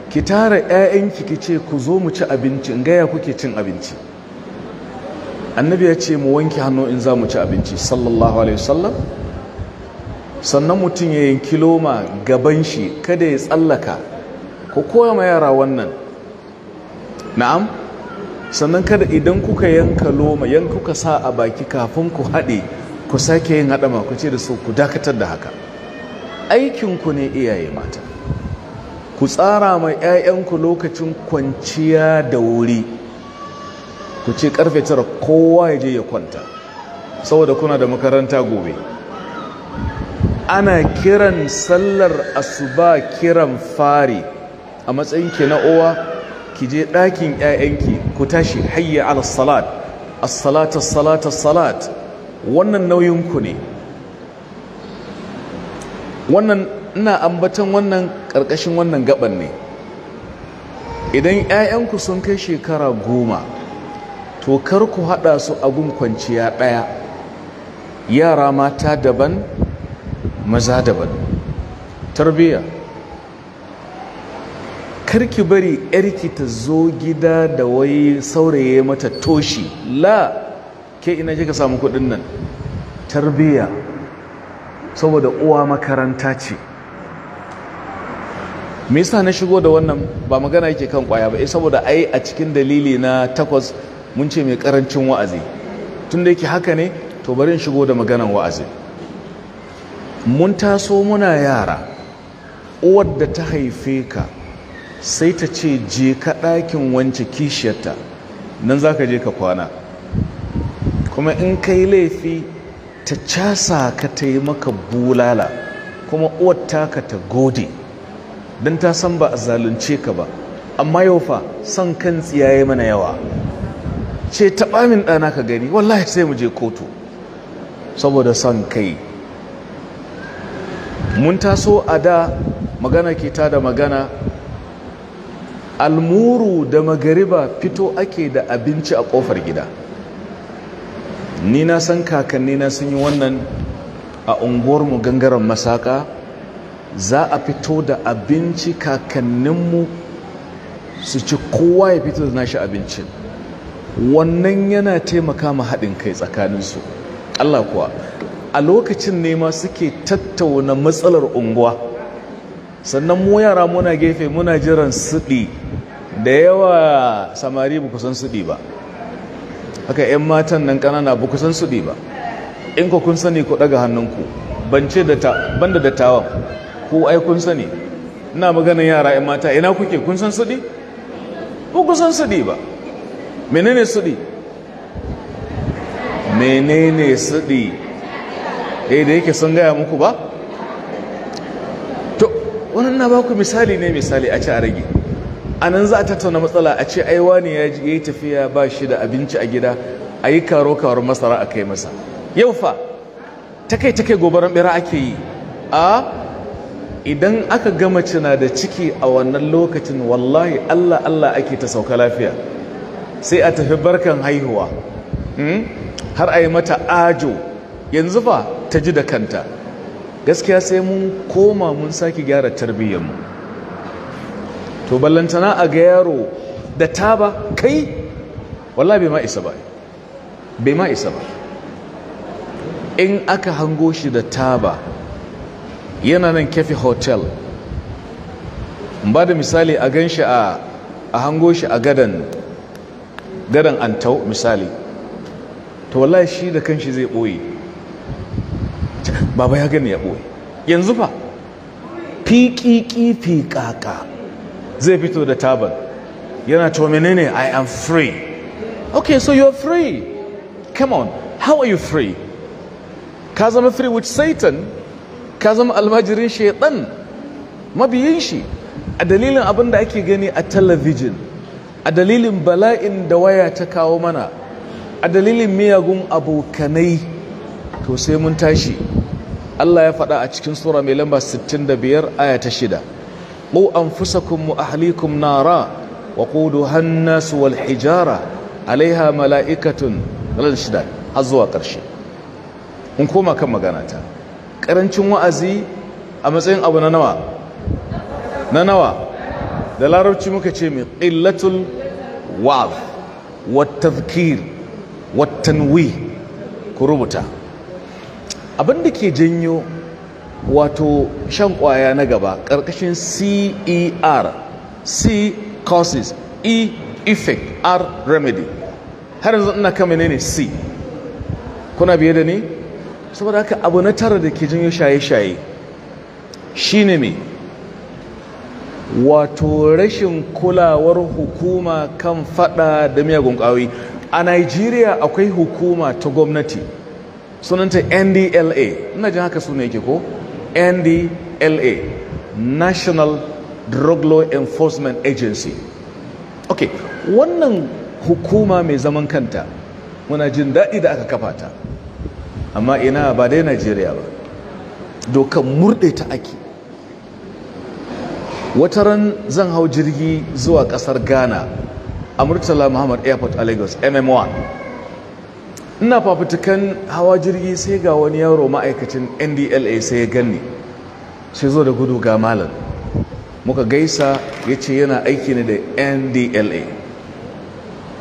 ki tara 'ya'yanki ki ce ku zo mu ci abinci in gaya kuke cin abinci annabi ya ce mu wanke hannu in za mu ci abinci sallallahu alaihi wasallam sannan mutum ya yi kiloma gaban shi kada ya tsallaka ku koya ma yara wannan na'am sannan kada idan kuka yanka loma yan kuka sa a baki kafin ku haɗe ku sake yin haɗa ku ce da su ku dakatar da haka aikinku ne iyaye mata ku tsara ma 'ya'yanku lokacin kwanciya da wuri ku ce karfe tara kowa ya je ya kwanta saboda kuna da makaranta gobe ana kiran sallar asuba kiran fari a matsayin ki na uwa ki je ɗakin ‘ya'yanki ku tashi hayya ala salat as-salat as-salat wannan nauyin ku ne wannan ina ambaton wannan ƙarƙashin wannan gaban ne idan ‘ya'yanku sun kai shekara goma to kar ku haɗa su a gun kwanciya ɗaya yara mata daban maza daban tarbiyya Kar ki bari yarki ta zo gida da wai sauraye mata toshi la ke ina kika samu kudin nan Tarbiyya. saboda uwa makaranta ce me yasa na shigo da wannan ba magana yake kan kwaya ba eh saboda ai a cikin dalili na takwas mun ce mai karancin wa'azi tunda yake haka ne to bari in shigo da maganan wa'azi mun taso muna yara uwar da ta haife ka sai ta ce je ka ɗakin wance kishiyarta nan za ka je ka kwana kuma in ka yi laifi ta casa ka ta yi maka bulala kuma uwar ka ta gode don ta san ba a zalunce ka ba amma yau fa son kan tsiyaye mana yawa ce taɓa min ɗana ka gani wallahi sai mu je kotu saboda son kai mun taso a da magana ke ta da magana almuru da magariba fito ake da abinci a kofar gida ni na san kakanni na sun yi wannan a unguwarmu gangaren masaka za a fito da abinci kakanninmu su ci kowa ya fito da nashi abincin wannan yana taimaka ma haɗin kai tsakaninsu allah kuwa a lokacin nema suke tattauna matsalar unguwa sannan mu yara muna gefe muna jiran suɗi da yawa samari ba kusan suɗi ba haka 'yan matan nan ƙanana ba kusan suɗi ba in ku kun sani ku ɗaga hannunku bance banda dattawan ku ai kun sani ina maganin yara 'yan mata ina kuke kun san suɗi ba kusan suɗi ba menene suɗi menene suɗi eh da yake sun gaya muku ba wannan na baku misali ne misali a ci a rage a nan za a tattauna matsala a ce aiwa ne ya yi tafiya ba shi da abinci a gida a yi karo karo masara a kai masa yau fa takai takai gobaran bera ake yi a idan aka gama cina da ciki a wannan lokacin wallahi allah allah ake ta sauka lafiya sai a tafi barkan haihuwa hmm? har a yi mata ajo yanzu fa ta ji da kanta gaskiya sai mun koma mun sake gyara tarbiyyarmu to ballantana a ga yaro da taba kai wallahi bai ma isa ba bai ma isa ba in aka hango shi da taba yana nan kefi hotel ba da misali a gan shi a hango shi a gadan gadan antau misali to wallahi shi da kanshi zai ɓoye baba ya gani ya ɓoye yanzu fa fiƙiƙi fiƙaƙa zai fito da taban yana to menene i am free okay so you are free come on how are you free ka zama free with satan ka zama almajirin shaitan mabiyin shi a dalilin abin da ake gani a talabijin a dalilin bala'in da waya ta kawo mana a dalilin miyagun abokanai to sai mun tashi Allah ya faɗa a cikin sura mai lamba 65 aya ta 6 qu anfusakum a ahlikum nara wa quduha hannasu wal hijara alaiha mala'ikatun ran shida har zuwa ƙarshe in koma kan magana ta ƙarancin wa'azi a matsayin abu na nawa na nawa da larabci muka ce mai ƙillatul wa'az wa tazkir wa tanwi ku rubuta abin da ke janyo wato shan kwaya na gaba ƙarƙashin cer c causes e effect r remedy har yanzu ina ne ne c kuna biye da ni saboda haka abu na tara da ke janyo shaye-shaye shine ne. wato rashin kulawar hukuma kan fada da miyagun kawai a Najeriya akwai hukuma ta gwamnati sunanta ndla ina jin haka suna ne yake ko ndla national drug law enforcement agency ok wannan hukuma mai zaman kanta muna jin daɗi da aka kafa ta amma ina ba dai najeriya ba dokan murɗe ta ake wata ran zan hau jirgi zuwa ƙasar ghana a murtala muhammad airport a lagos mm1 ina fafutukan hawa jirgi sai ga wani yaro ma'aikacin ndla sai ya ganni sai zo da gudu ga malam muka gaisa ya ce yana aiki ne da ndla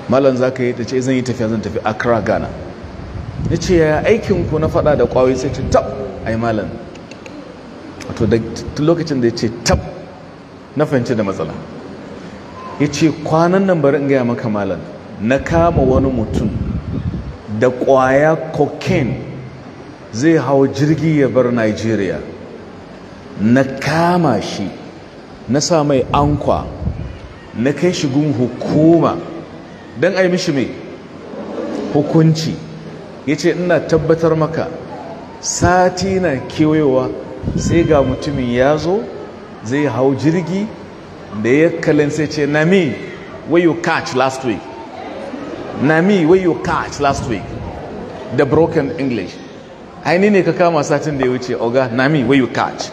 malam za ka yi ta ce eh, zan yi tafiya zan tafi accra ghana ya ce yaya aikinku na fada da kwayoyi sai ce tab ai malam wato da lokacin da ya ce tab na fahimci da matsala ya ce kwanan nan bari in gaya maka malam na kama wani mutum da kwaya cocaine zai hau jirgi ya bar nigeria na kama shi na sa mai ankwa na kai shigun hukuma don a yi mishi mai hukunci ya ce ina tabbatar maka sati na kewayowa sai ga mutumin ya zo zai hau jirgi da ya kalin sai ce na me where you catch last week nami where you catch last week the broken english aini ne ka kama satin da ya wuce oga nami where you catch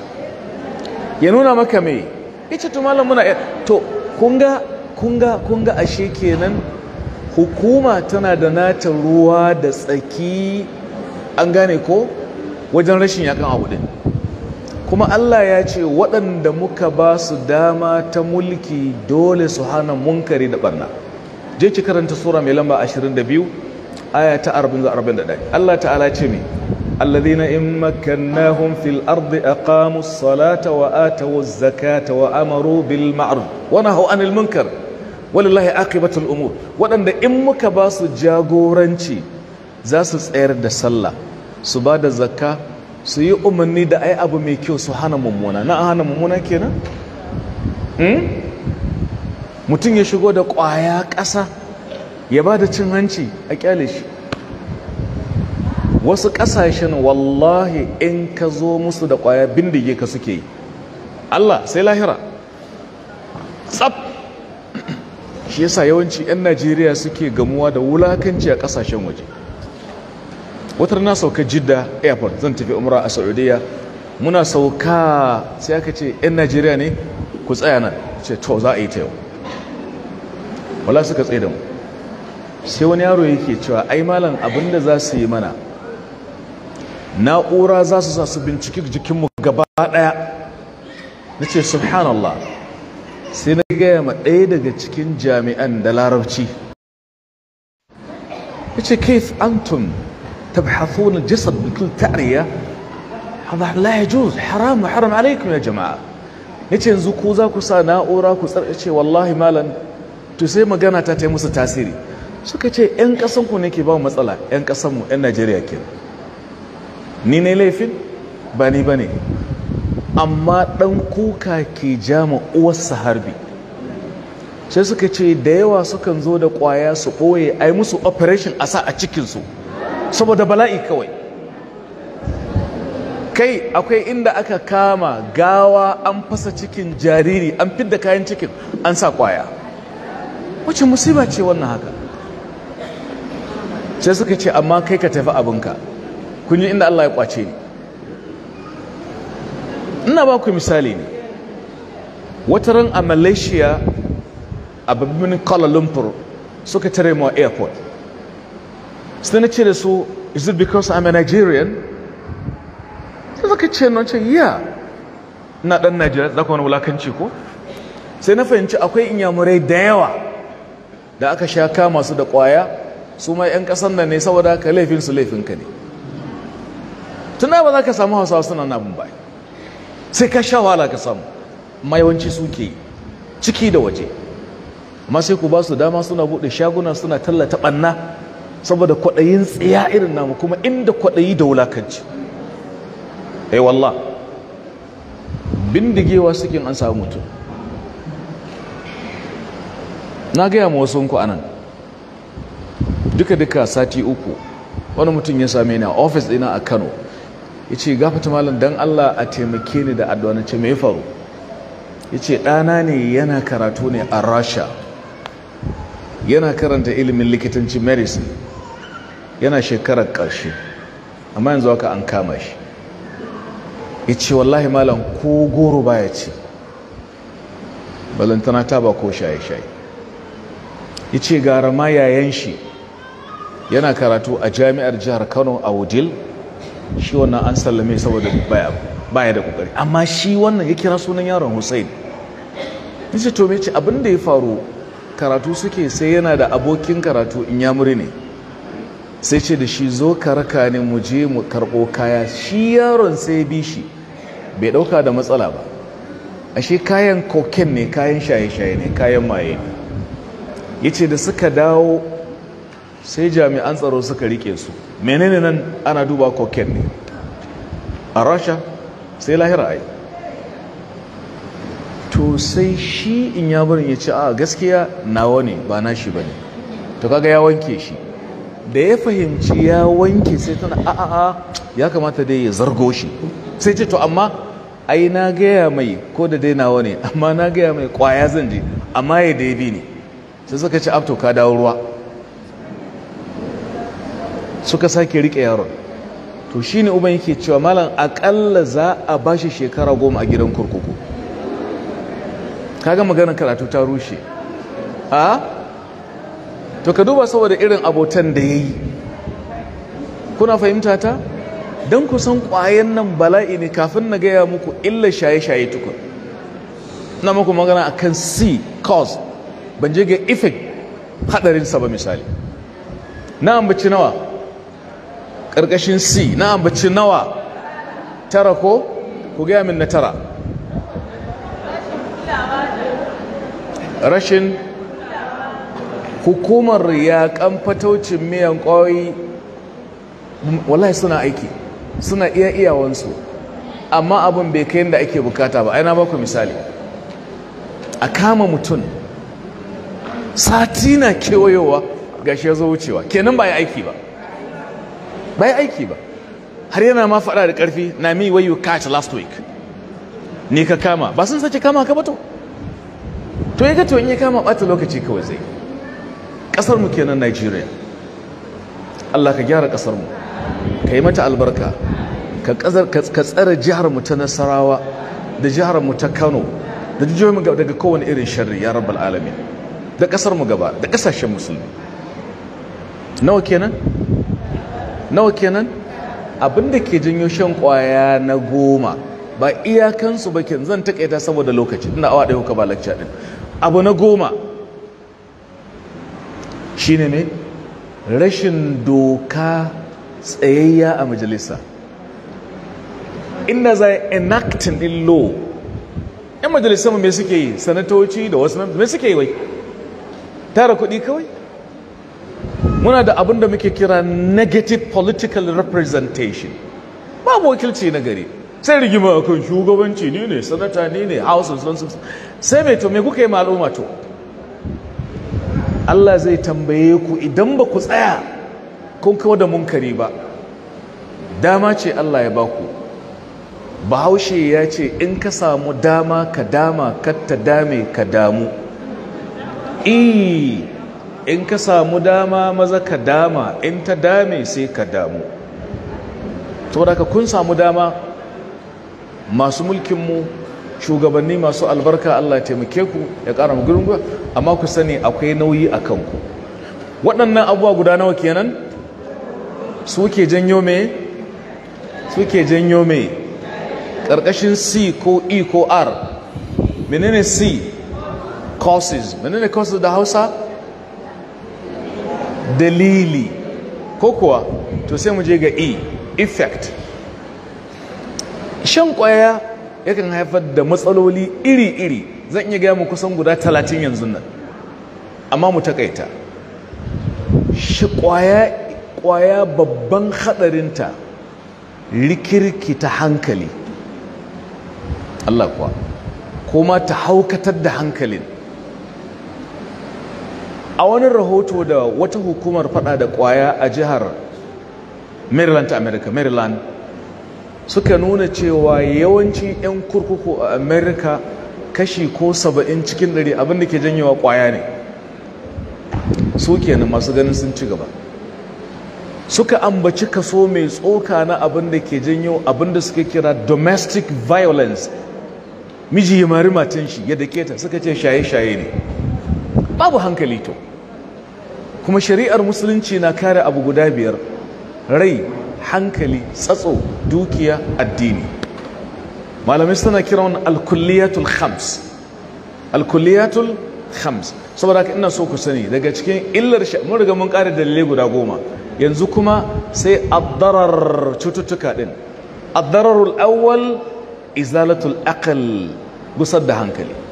ya nuna maka me yace to malam muna to kunga kunga kunga ashe kenan hukuma tana da nata ruwa da tsaki an gane ko wajen rashin yakan abu din kuma Allah ya ce waɗanda muka ba su dama ta mulki dole su hana munkari da ɓarna. je ki karanta sura mai lamba 22 aya ta 41 Allah ta'ala ce mi alladhina in makkannahum fil ardi aqamu ssalata wa atawu zakata wa amaru bil ma'ruf wa nahaw anil munkar walillahi aqibatu al umur waɗanda in muka ba su jagoranci za su tsayar da sallah su ba da zakka su umarni da ai abu mai kyau su hana mummuna na hana mummuna kenan hmm? mutum ya shigo da ƙwaya ƙasa ya ba da cin hanci a ƙyale shi wasu ƙasashen wallahi in ka zo musu da ƙwaya bindige ka suke yi Allah sai lahira tsab shi yasa yawanci 'yan najeriya suke gamuwa da wulakanci a ƙasashen waje watar na sauka jidda airport zan tafi umra a saudiya muna sauka sai aka ce 'yan najeriya ne ku tsaya nan ce to za a yi ta yau wala suka tsaye da mu sai wani yaro yake cewa ai malam abinda za su yi mana na'ura za su sa su binciki jikinmu gaba daya na ce subhanallah sai na gaya ma ɗaya daga cikin jami'an da larabci ya ce kaif antum tabhathun jasad bikin a hada la yajuz haram haram alaikum ya jama'a ce yanzu ku za ku sa na'ura ku ce wallahi malam to sai magana ta taimu su tasiri suka ce 'yan ƙasanku ne ke ba matsala 'yan ƙasanmu 'yan najeriya ke ni ne laifin ba ni ba ne amma ɗan kuka ke jama uwarsa harbi sai suka ce da yawa sukan zo da ƙwaya su ɓoye a yi musu operation a sa a cikinsu saboda bala'i kawai kai akwai inda aka kama gawa an fasa cikin jariri an fidda kayan cikin an sa ƙwaya wace musiba ce wannan haka sai suka ce amma kai ka tafi abinka kun yi inda Allah ya kwace ni ina ba ku misali ne wata ran a malaysia a babban kuala lumpur suka tare mu a airport sai na ce da su is it because i'm a nigerian sai suka ce na ce yeah na dan nigeria za ku wani wulakanci ko sai na fahimci akwai inyamurai da yawa da aka sha kama su da kwaya su mai 'yan kasan nan ne saboda haka laifinsu ka ne tuna ba za ka samu hausawa suna namun ba sai ka sha wahala ka samu mayawanci suke ciki da waje amma sai ku ba su dama suna buɗe shaguna suna tallata ɓanna saboda kwaɗayin tsaya irin namu kuma inda kwaɗayi da wulakanci ai eh, walla. bindigewa sukin an samu mutum na gaya ma wasu ku anan duka-duka sati uku wani mutum ya same ni a ofis dina a kano ya ce gafata malam don allah a taimake ni da addu'a mai faru ya ce ɗana ne yana karatu ne a rasha yana karanta ilimin likitanci medicine yana shekarar ƙarshe amma yanzu haka an kama shi ya ce wallahi malam ko goro baya ce balantana ta ba ko shaye-shaye ya ce gara ma yayan shi yana karatu a jami'ar jihar kano a wudil shi wannan an sallame saboda baya da kokari amma shi wannan ya kira sunan yaron hussein ya ce to me ce abin da ya faru karatu suke sai yana da abokin karatu in ya muri ne sai ce da shi zo karaka raka ne mu je mu karɓo kaya shi yaron sai bi shi bai ɗauka da matsala ba ashe kayan koken ne kayan shaye-shaye ne kayan maye ne ya ce da suka dawo sai jami'an tsaro suka rike su menene nan ana duba koken ne a rasha sai lahira ai to sai shi in ya barin ya ce a gaskiya nawa ne ba na shi ba ne to kaga ya wanke shi da ya fahimci ya wanke sai tana a a a ya kamata dai ya zargo shi sai ce to amma ai na gaya mai ko da dai nawa ne amma na gaya mai kwaya zan je amma ya dai bi ne sai suka ci abto ka dawo ruwa suka sake rike yaron to shi ne uban yake cewa malam akalla za a bashi shekara goma a gidan kurkuku kaga maganar karatu ta rushe a to ka duba saboda irin abotan da ya yi. kuna fahimta ta don san kwayan nan bala'i ne kafin na gaya muku illa shaye-shaye tukun na muku magana akan c cause ban je ga ifin hadarinsa ba misali na ambaci nawa ƙarƙashin c na ambaci nawa tara ko ku gaya min na tara rashin hukumar ya fataucin miyan kwayoyi wallahi suna aiki suna iya iyawansu amma abin bai kai inda ake bukata ba aina baku misali a kama mutum sati na kewayowa shi ya zo wucewa kenan ba ya aiki ba ba ya aiki ba har yana ma faɗa da ƙarfi na me where you catch last week ne ka kama ba sun sace kama ka ba to to ya ga to in ya kama ɓata lokaci kawai zai ƙasar mu kenan Najeriya Allah ka gyara ƙasar mu ka yi mata albarka ka tsare jihar mu ta Nasarawa da jihar mu ta Kano da mu daga kowane irin sharri ya rabbal alamin da kasar mu gaba da kasashen musulmi nawa kenan nawa kenan abinda ke janyo shan kwaya na goma ba iyakansu ba kin zan takaita saboda lokaci ina awa ɗaya ba lakca ɗin abu na goma shine ne rashin doka tsayayya a majalisa inda za enacting in law 'yan majalisar mai suke yi sanatoci da wasu mai suke yi wai tara kuɗi kawai muna da abin da muke kira negative political representation babu wakilci na gari sai rigima a kan shugabanci ne ne sanata ne ne of sun sai mai to me kuka yi ma'al'umma to Allah zai tambaye ku idan ba ku tsaya kun kawo da munkari ba dama ce Allah ya baku bahaushe ya ce in ka samu dama ka dama ka ta dame ka damu E, in ka samu dama maza ka dama in ta dame sai ka damu saboda ka kun samu dama masu mulkinmu shugabanni masu albarka Allah taimake ku ya ƙara mu gurin amma ku sani akwai nauyi a kanku waɗannan abubuwa guda nawa kenan suke janyo su ke janyo me ƙarƙashin c ko e ko r menene c courses menene courses da hausa dalili ko kuwa to sai mu je ga e effect shan kwaya yakan haifar da matsaloli iri-iri zan iya gaya mu kusan guda talatin yanzu nan amma mu taƙaita. shi kwaya kwaya babban hadarinta rikirki ta hankali Allah kuwa kuma ta haukatar da hankalin a wani rahoto da wata hukumar fada da kwaya a jihar maryland america maryland suka nuna cewa yawancin 'yan kurkuku a america kashi ko saba'in cikin ɗari abinda ke janyewa kwaya ne su kenan masu ganin sun ci gaba suka ambaci kaso mai tsoka na abinda ke janyo abinda suka kira domestic violence miji yi mari matan shi yadda keta suka ce shaye-shaye ne babu hankali to kuma shari'ar musulunci na kare abu guda biyar rai hankali tsatso dukiya addini malamai suna kiran alkulliyatul khams alkulliyatul khams saboda haka ina so ku sani daga cikin illar sha mun riga mun kare dalilai guda goma yanzu kuma sai addarar cututtuka din addararul awwal izalatul aql gusar da hankali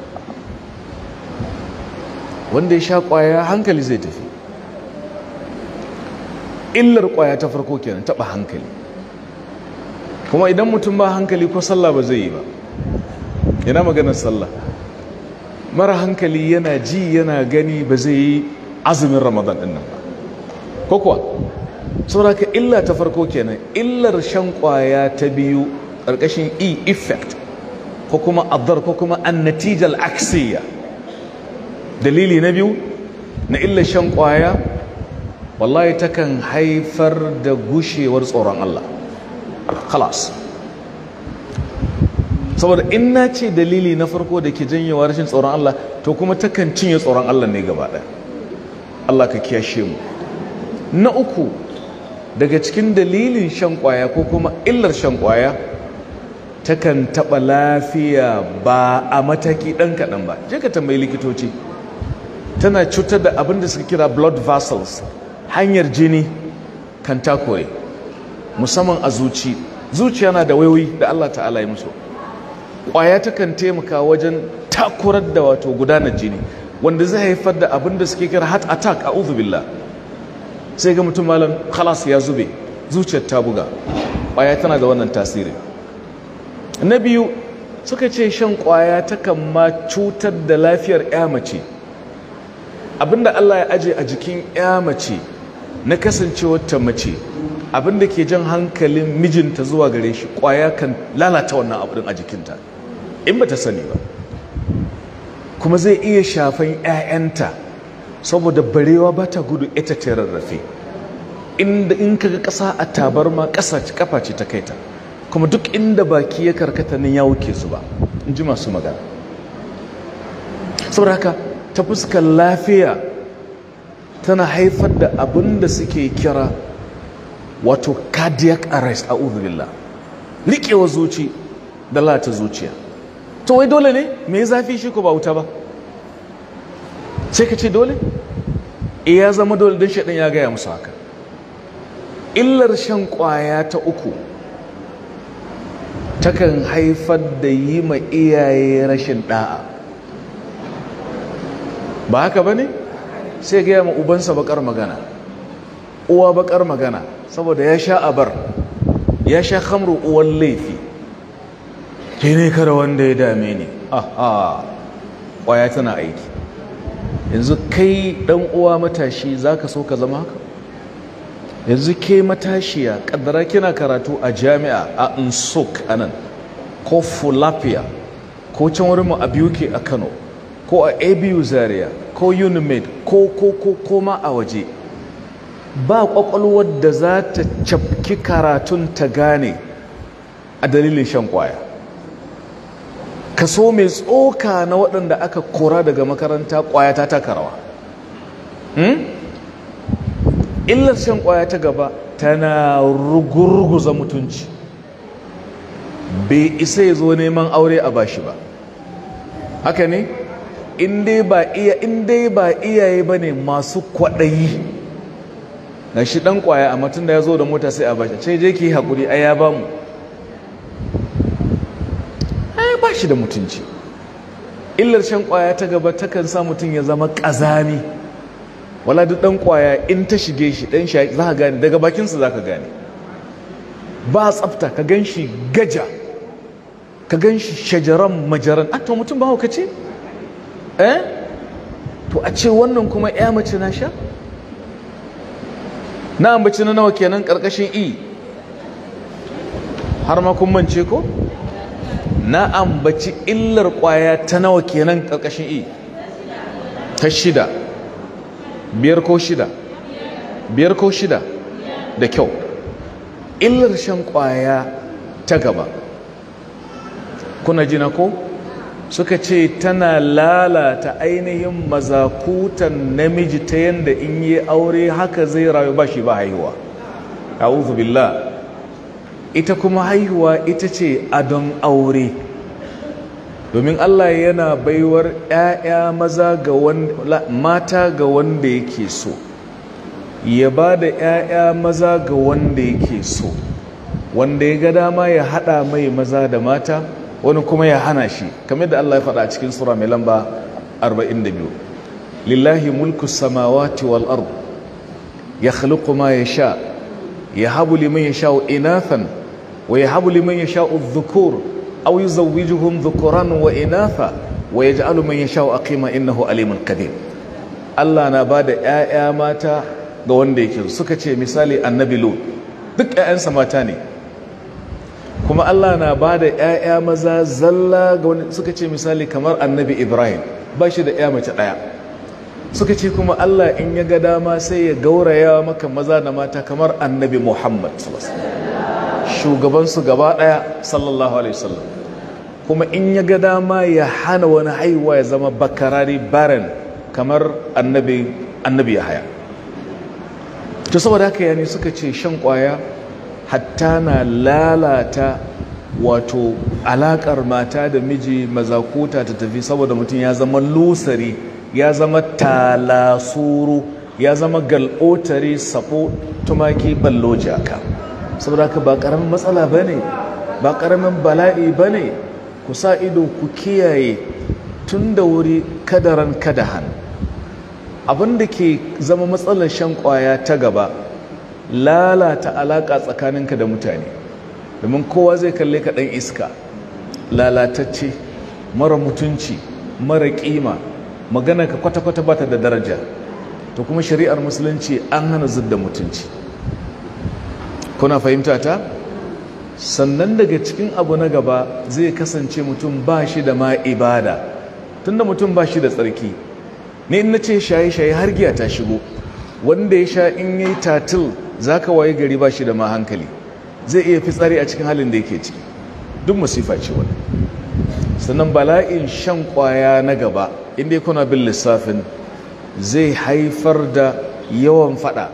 wanda ya sha kwaya hankali zai tafi illar kwaya ta farko kenan taba hankali kuma idan mutum ba hankali ko sallah ba zai yi ba yana maganar sallah mara hankali yana ji yana gani ba zai yi azumin ramadan ɗin nan ba ko kuwa ka illa ta farko kenan illar shan kwaya ta biyu ƙarƙashin e effect ko kuma adar ko kuma an natijar dalili na biyu na illa shan kwaya wallahi takan haifar da gushewar tsoron Allah khalas saboda in na ce dalili na farko da ke janyewa rashin tsoron Allah to kuma takan cinye tsoron Allah ne gaba Allah ka kiyashe mu na uku daga cikin dalilin shan kwaya ko kuma illar shan kwaya takan taɓa lafiya ba a mataki ɗan kaɗan ba je ka tambayi likitoci tana cutar da abin da suka kira blood vessels hanyar jini kan takure musamman a zuci zuciya na da wayoyi da Allah ta'ala ya musu ƙwaya takan taimaka wajen takurar da wato gudanar jini wanda zai haifar da abin da suke kira heart attack a billah sai ga mutum malam khalas ya zube zuciyar ta buga ƙwaya tana da wannan tasiri na biyu suka ce shan ƙwaya takan ma cutar da lafiyar ya mace abinda Allah ya aje a jikin ya mace na kasancewarta wata mace abinda ke jan hankalin mijinta zuwa gare shi kwaya kan lalata wannan abin a jikinta in ba ta sani ba kuma zai iya shafan 'ya'yanta saboda barewa ba ta gudu ita ta rarrafe inda in kaga ƙasa a tabarma ƙasa kafa ce ta kaita kuma duk inda baki ya karkata nan ya wuke su ba in ji masu magana saboda haka ta fuskar lafiya tana haifar da abin da suke kira wato cardiac arrest a uzurillah riƙewa zuci da lata zuciya to wai dole ne mai zafi shi ko ba wuta ba sai ka ce dole e ya zama dole don shaɗin ya gaya musu haka illar shan ƙwaya ta uku takan haifar da yi ma iyaye rashin ɗa'a ba haka ba ne sai gaya ma ubansa bakar magana uwa bakar magana saboda ya sha abar ya sha hamru uwan laifi ke ne kada wanda ya dame ni aha kwaya tana aiki yanzu kai dan uwa matashi za ka so ka zama haka yanzu ke matashiya kaddara kina karatu a jami'a a nsuk anan ko fulafia ko can wurin mu a biyu ke a kano ko a abu zaria ko unimed ko ko ko koma a waje ba kwakwalwar da za ta cafki karatun ta gane a dalilin shan kwaya kaso mai tsoka na waɗanda aka kora daga makaranta kwaya ta takarawa hmm? illar shan kwaya ta gaba tana rugurguza mutunci bai isa ya zo neman aure a bashi ba haka ne in dai ba iya ba ne masu kwaɗayi na shi ɗan ƙwaya a tun da ya zo da mota sai a bashi ce je ki haƙuri a ya ba mu ai ba shi da mutunci illar shan ƙwaya ta gaba takan sa mutum ya zama ƙazami wala duk ɗan ƙwaya in ta shige shi ɗan shi za ka gane daga bakinsa za ka gane ba tsafta ka gan shi gaja ka gan shi shajaran majaran a to mutum ba hauka ce eh to a ce wannan kuma ya mace na sha na ambaci na nawa kenan karkashin i e? har ma kun mance ko na ambaci illar kwaya ta nawa kenan karkashin i e? ta shida biyar ko shida biyar ko shida da kyau illar shan kwaya ta gaba kuna jina ko suka ce tana lalata ainihin mazakutan namiji ta yadda in yi aure haka zai rayu ba shi ba haihuwa a'udhu billah ita kuma haihuwa ita ce adon aure domin Allah yana baiwar 'ya'ya maza ga mata ga wanda yake so ya ba da 'ya'ya maza ga wanda yake so wanda ya ga dama ya haɗa mai maza da mata wani kuma ya hana shi kamar da Allah ya faɗa a cikin sura mai lamba 42 lillahi mulku samawati wal ard yakhluqu ma yasha yahabu liman yasha inathan wa yahabu liman yasha adh-dhukur aw yuzawwijuhum dhukuran wa inatha wa yaj'alu man yasha aqima innahu alimun qadir Allah na bada ƴaƴa mata ga wanda yake suka ce misali annabi lut duk ƴaƴansa mata ne kuma Allah na ba da 'ya'ya maza zalla ga wani suka ce misali kamar annabi ibrahim ba shi da 'ya mace ɗaya suka ce kuma Allah in ya ga dama sai ya gauraya maka maza da mata kamar annabi muhammad shugabansu gaba ɗaya sallallahu alaihi wasallam kuma in ya ga dama ya hana wani haihuwa ya zama bakarari baran kamar annabi ya haya to saboda haka yani suka ce shan kwaya hatta na lalata wato alakar mata da miji mazakuta ta tafi saboda mutum ya zama lusari ya zama talasuru ya zama galotari sabo tumaki ballo jaka saboda ka ba karamin matsala ba ne ba karamin bala'i ba ne ku sa ido ku kiyaye tun da wuri kadaran kadahan abinda ke zama matsalar shan kwaya ta gaba lalata alaƙa tsakaninka da mutane domin kowa zai kalle ka ɗan iska lalatacce mara mutunci mara ƙima magana ka kwata-kwata ba ta da daraja to kuma shari'ar musulunci an hana zidda mutunci kuna fahimta ta sannan daga cikin abu na gaba zai kasance mutum ba shi da ma ibada tunda mutum ba shi da tsarki ne in na ce shaye-shaye har giya ta shigo wanda ya sha in yi tatil za ka waye gari ba shi da ma hankali zai iya fitsari a cikin halin da yake ciki duk masifa ce wani sannan bala'in shan kwaya na gaba inda ya kuna bin lissafin zai haifar da yawan fada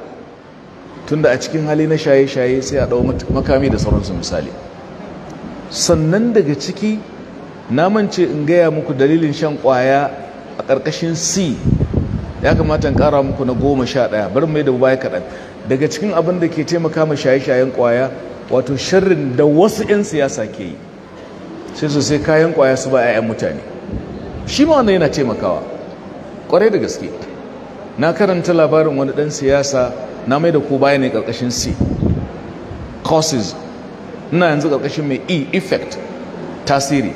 tunda a cikin hali na shaye-shaye sai a ɗau makami da sauransu misali sannan daga ciki namance in gaya muku dalilin shan kwaya a ƙarƙashin c ya kamata in ƙara muku na goma sha ɗaya bar mai da baya kaɗan daga cikin abin da ke taimaka ma shaye-shayen kwaya wato sharrin da wasu 'yan siyasa ke yi sai su sai kayan kwaya su ba 'ya'yan mutane shi ma wannan yana taimakawa kwarai da gaske na karanta labarin wani dan siyasa na mai da ko baya ne karkashin c causes na yanzu karkashin mai e effect tasiri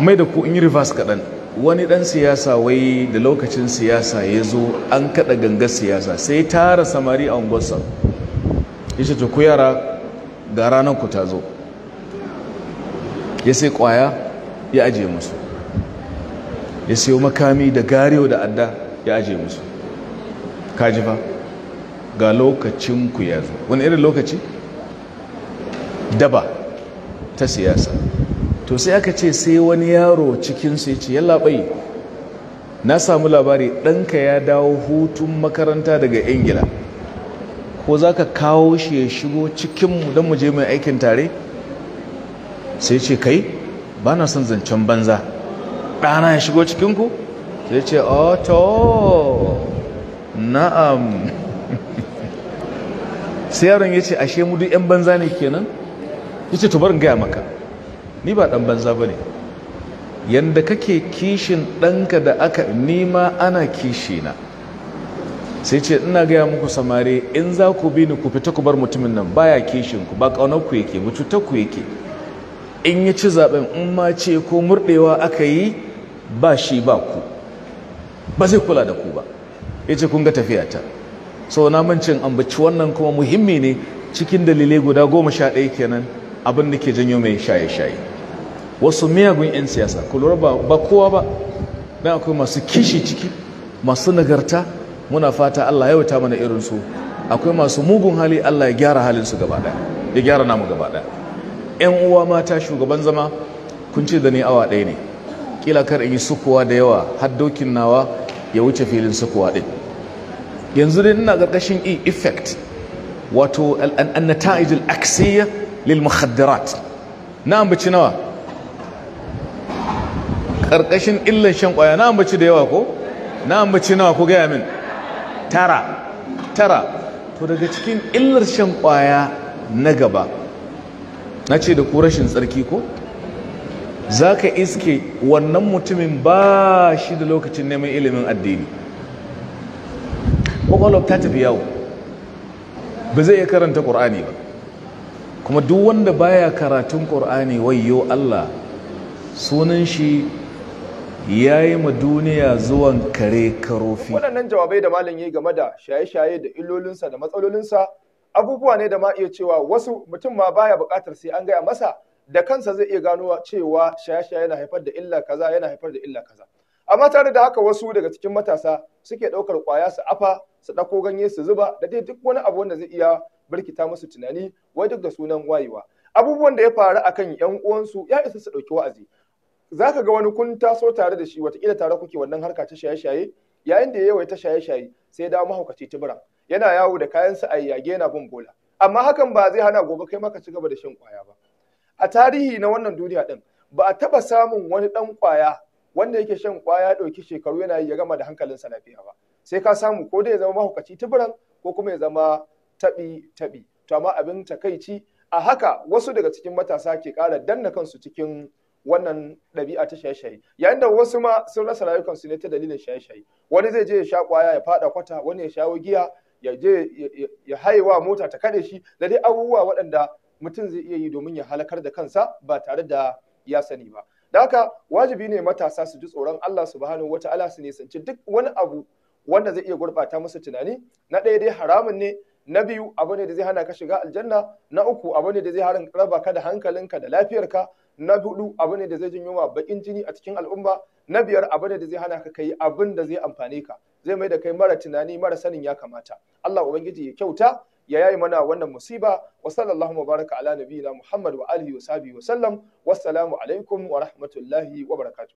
mai da ko in yi reverse kaɗan wani dan siyasa wai da lokacin siyasa ya zo an kaɗa gangar siyasa sai tara samari a unguwarsa ya ce ku yara ga ranar ku ta zo ya sai kwaya ya ajiye musu ya sai makami da gariyo da adda ya ajiye musu kaji ba ga lokacin ku ya zo wani irin lokaci daba ta siyasa to sai aka ce sai wani yaro cikin sai ce yalla bai na samu labari ɗanka ya dawo hutun makaranta daga ingila ko za ka kawo shi ya shigo cikinmu don mu je mai aikin tare sai ce kai ba na son zancen banza ɗana ya shigo cikinku sai ce oto na'am sai yaron ya ce ashe mudu 'yan banza ne kenan ya ce tubarin gaya maka ni ba dan banza bane yanda kake kishin ɗanka da aka nima ana kishi na. sai ce ina gaya muku samari in za ku bi ni ku fita ku bar mutumin nan baya kishinku ba ƙaunarku yake ba cutarku yake in ya ci zaɓen in ma ce ko murɗewa aka yi ba shi ba ku ba zai kula da ku ba ya ce kun ga tafiya ta sau na mancin ambaci wannan kuma muhimmi ne cikin dalilai guda goma sha ɗaya kenan abin da ke janyo mai shaye-shaye wasu miyagun 'yan siyasa kulur ba kowa ba don akwai masu kishi ciki masu nagarta muna fata Allah ya wuta mana irinsu akwai masu mugun hali Allah ya gyara halinsu gaba ɗaya ya gyara namu gaba ɗaya 'yan uwa mata shugaban zama kun ce da ni awa ɗaya ne kila kar in yi sukuwa da yawa har dokin nawa ya wuce filin sukuwa ɗin yanzu dai ina ƙarƙashin e effect wato an ta'ajil aksiyya lil mukhaddarat na ambaci nawa ƙarƙashin illan shan ƙwaya na ambaci da yawa ko na ambaci nawa ko gaya min tara tara to daga cikin illar shan ƙwaya na gaba na ce da ku rashin tsarki ko za ka iske wannan mutumin ba shi da lokacin neman ilimin addini ƙwaƙwalwar ta tafi yawo ba zai iya karanta ƙur'ani ba kuma duk wanda baya karatun ƙur'ani wayo allah sunan shi ya yi ma duniya zuwan kare karofi waɗannan jawabai da malam ya yi game da shaye-shaye da illolinsa da matsalolinsa abubuwa ne da ma iya cewa wasu mutum ma baya buƙatar sai an gaya masa da kansa zai iya gano cewa shaye-shaye yana haifar da illa kaza yana haifar da illa kaza amma tare da haka wasu daga cikin matasa suke ɗaukar ƙwaya su afa su ɗauko ganye su zuba da dai duk wani abu wanda zai iya birkita musu tunani wai duk da sunan wayewa abubuwan da ya faru akan yan uwansu ya isa su ɗauki wa'azi za ka ga wani kun taso tare da shi watakila tare kuke wannan harka ta shaye-shaye yayin da yayi ta shaye-shaye sai dawo mahaukaci tibira yana yawo da kayan sa yage yana bin bola amma hakan ba zai hana gobe kai maka ci gaba da shan kwaya ba a tarihi na wannan duniya din ba a taba samun wani dan kwaya wanda yake shan kwaya a dauki shekaru yana yi ya gama da hankalinsa lafiya ba sai ka samu ko dai ya zama mahaukaci tibiran ko kuma ya zama tabi tabi to amma abin takaici a haka wasu daga cikin matasa ke kara danna kansu cikin wannan ɗabi'a ta shaye-shaye yayin da wasu ma sun rasa rayukansu ne ta dalilin shaye-shaye wani zai je ya sha kwaya ya faɗa kwata wani ya shawo giya ya je ya haiwa mota ta kaɗe shi da dai abubuwa waɗanda mutum zai iya yi domin ya halakar da kansa ba tare da ya sani ba da haka wajibi ne matasa su ji tsoron Allah subhanahu wata'ala su nisanci duk wani abu wanda zai iya gurɓata musu tunani na ɗaya dai haramun ne na biyu abu ne da zai hana ka shiga aljanna na uku abu ne da zai raba ka da hankalinka da lafiyarka na hudu abu ne da zai jin yunwa bakin jini a cikin al'umma na biyar abu ne da zai hana ka kai abin da zai amfane ka zai mai da kai mara tunani mara sanin ya kamata Allah ubangiji ya kyauta ya yayi mana wannan musiba wa sallallahu mubaraka ala nabiyina Muhammad wa alihi wa sahbihi wa sallam wassalamu alaikum wa rahmatullahi wa barakatuh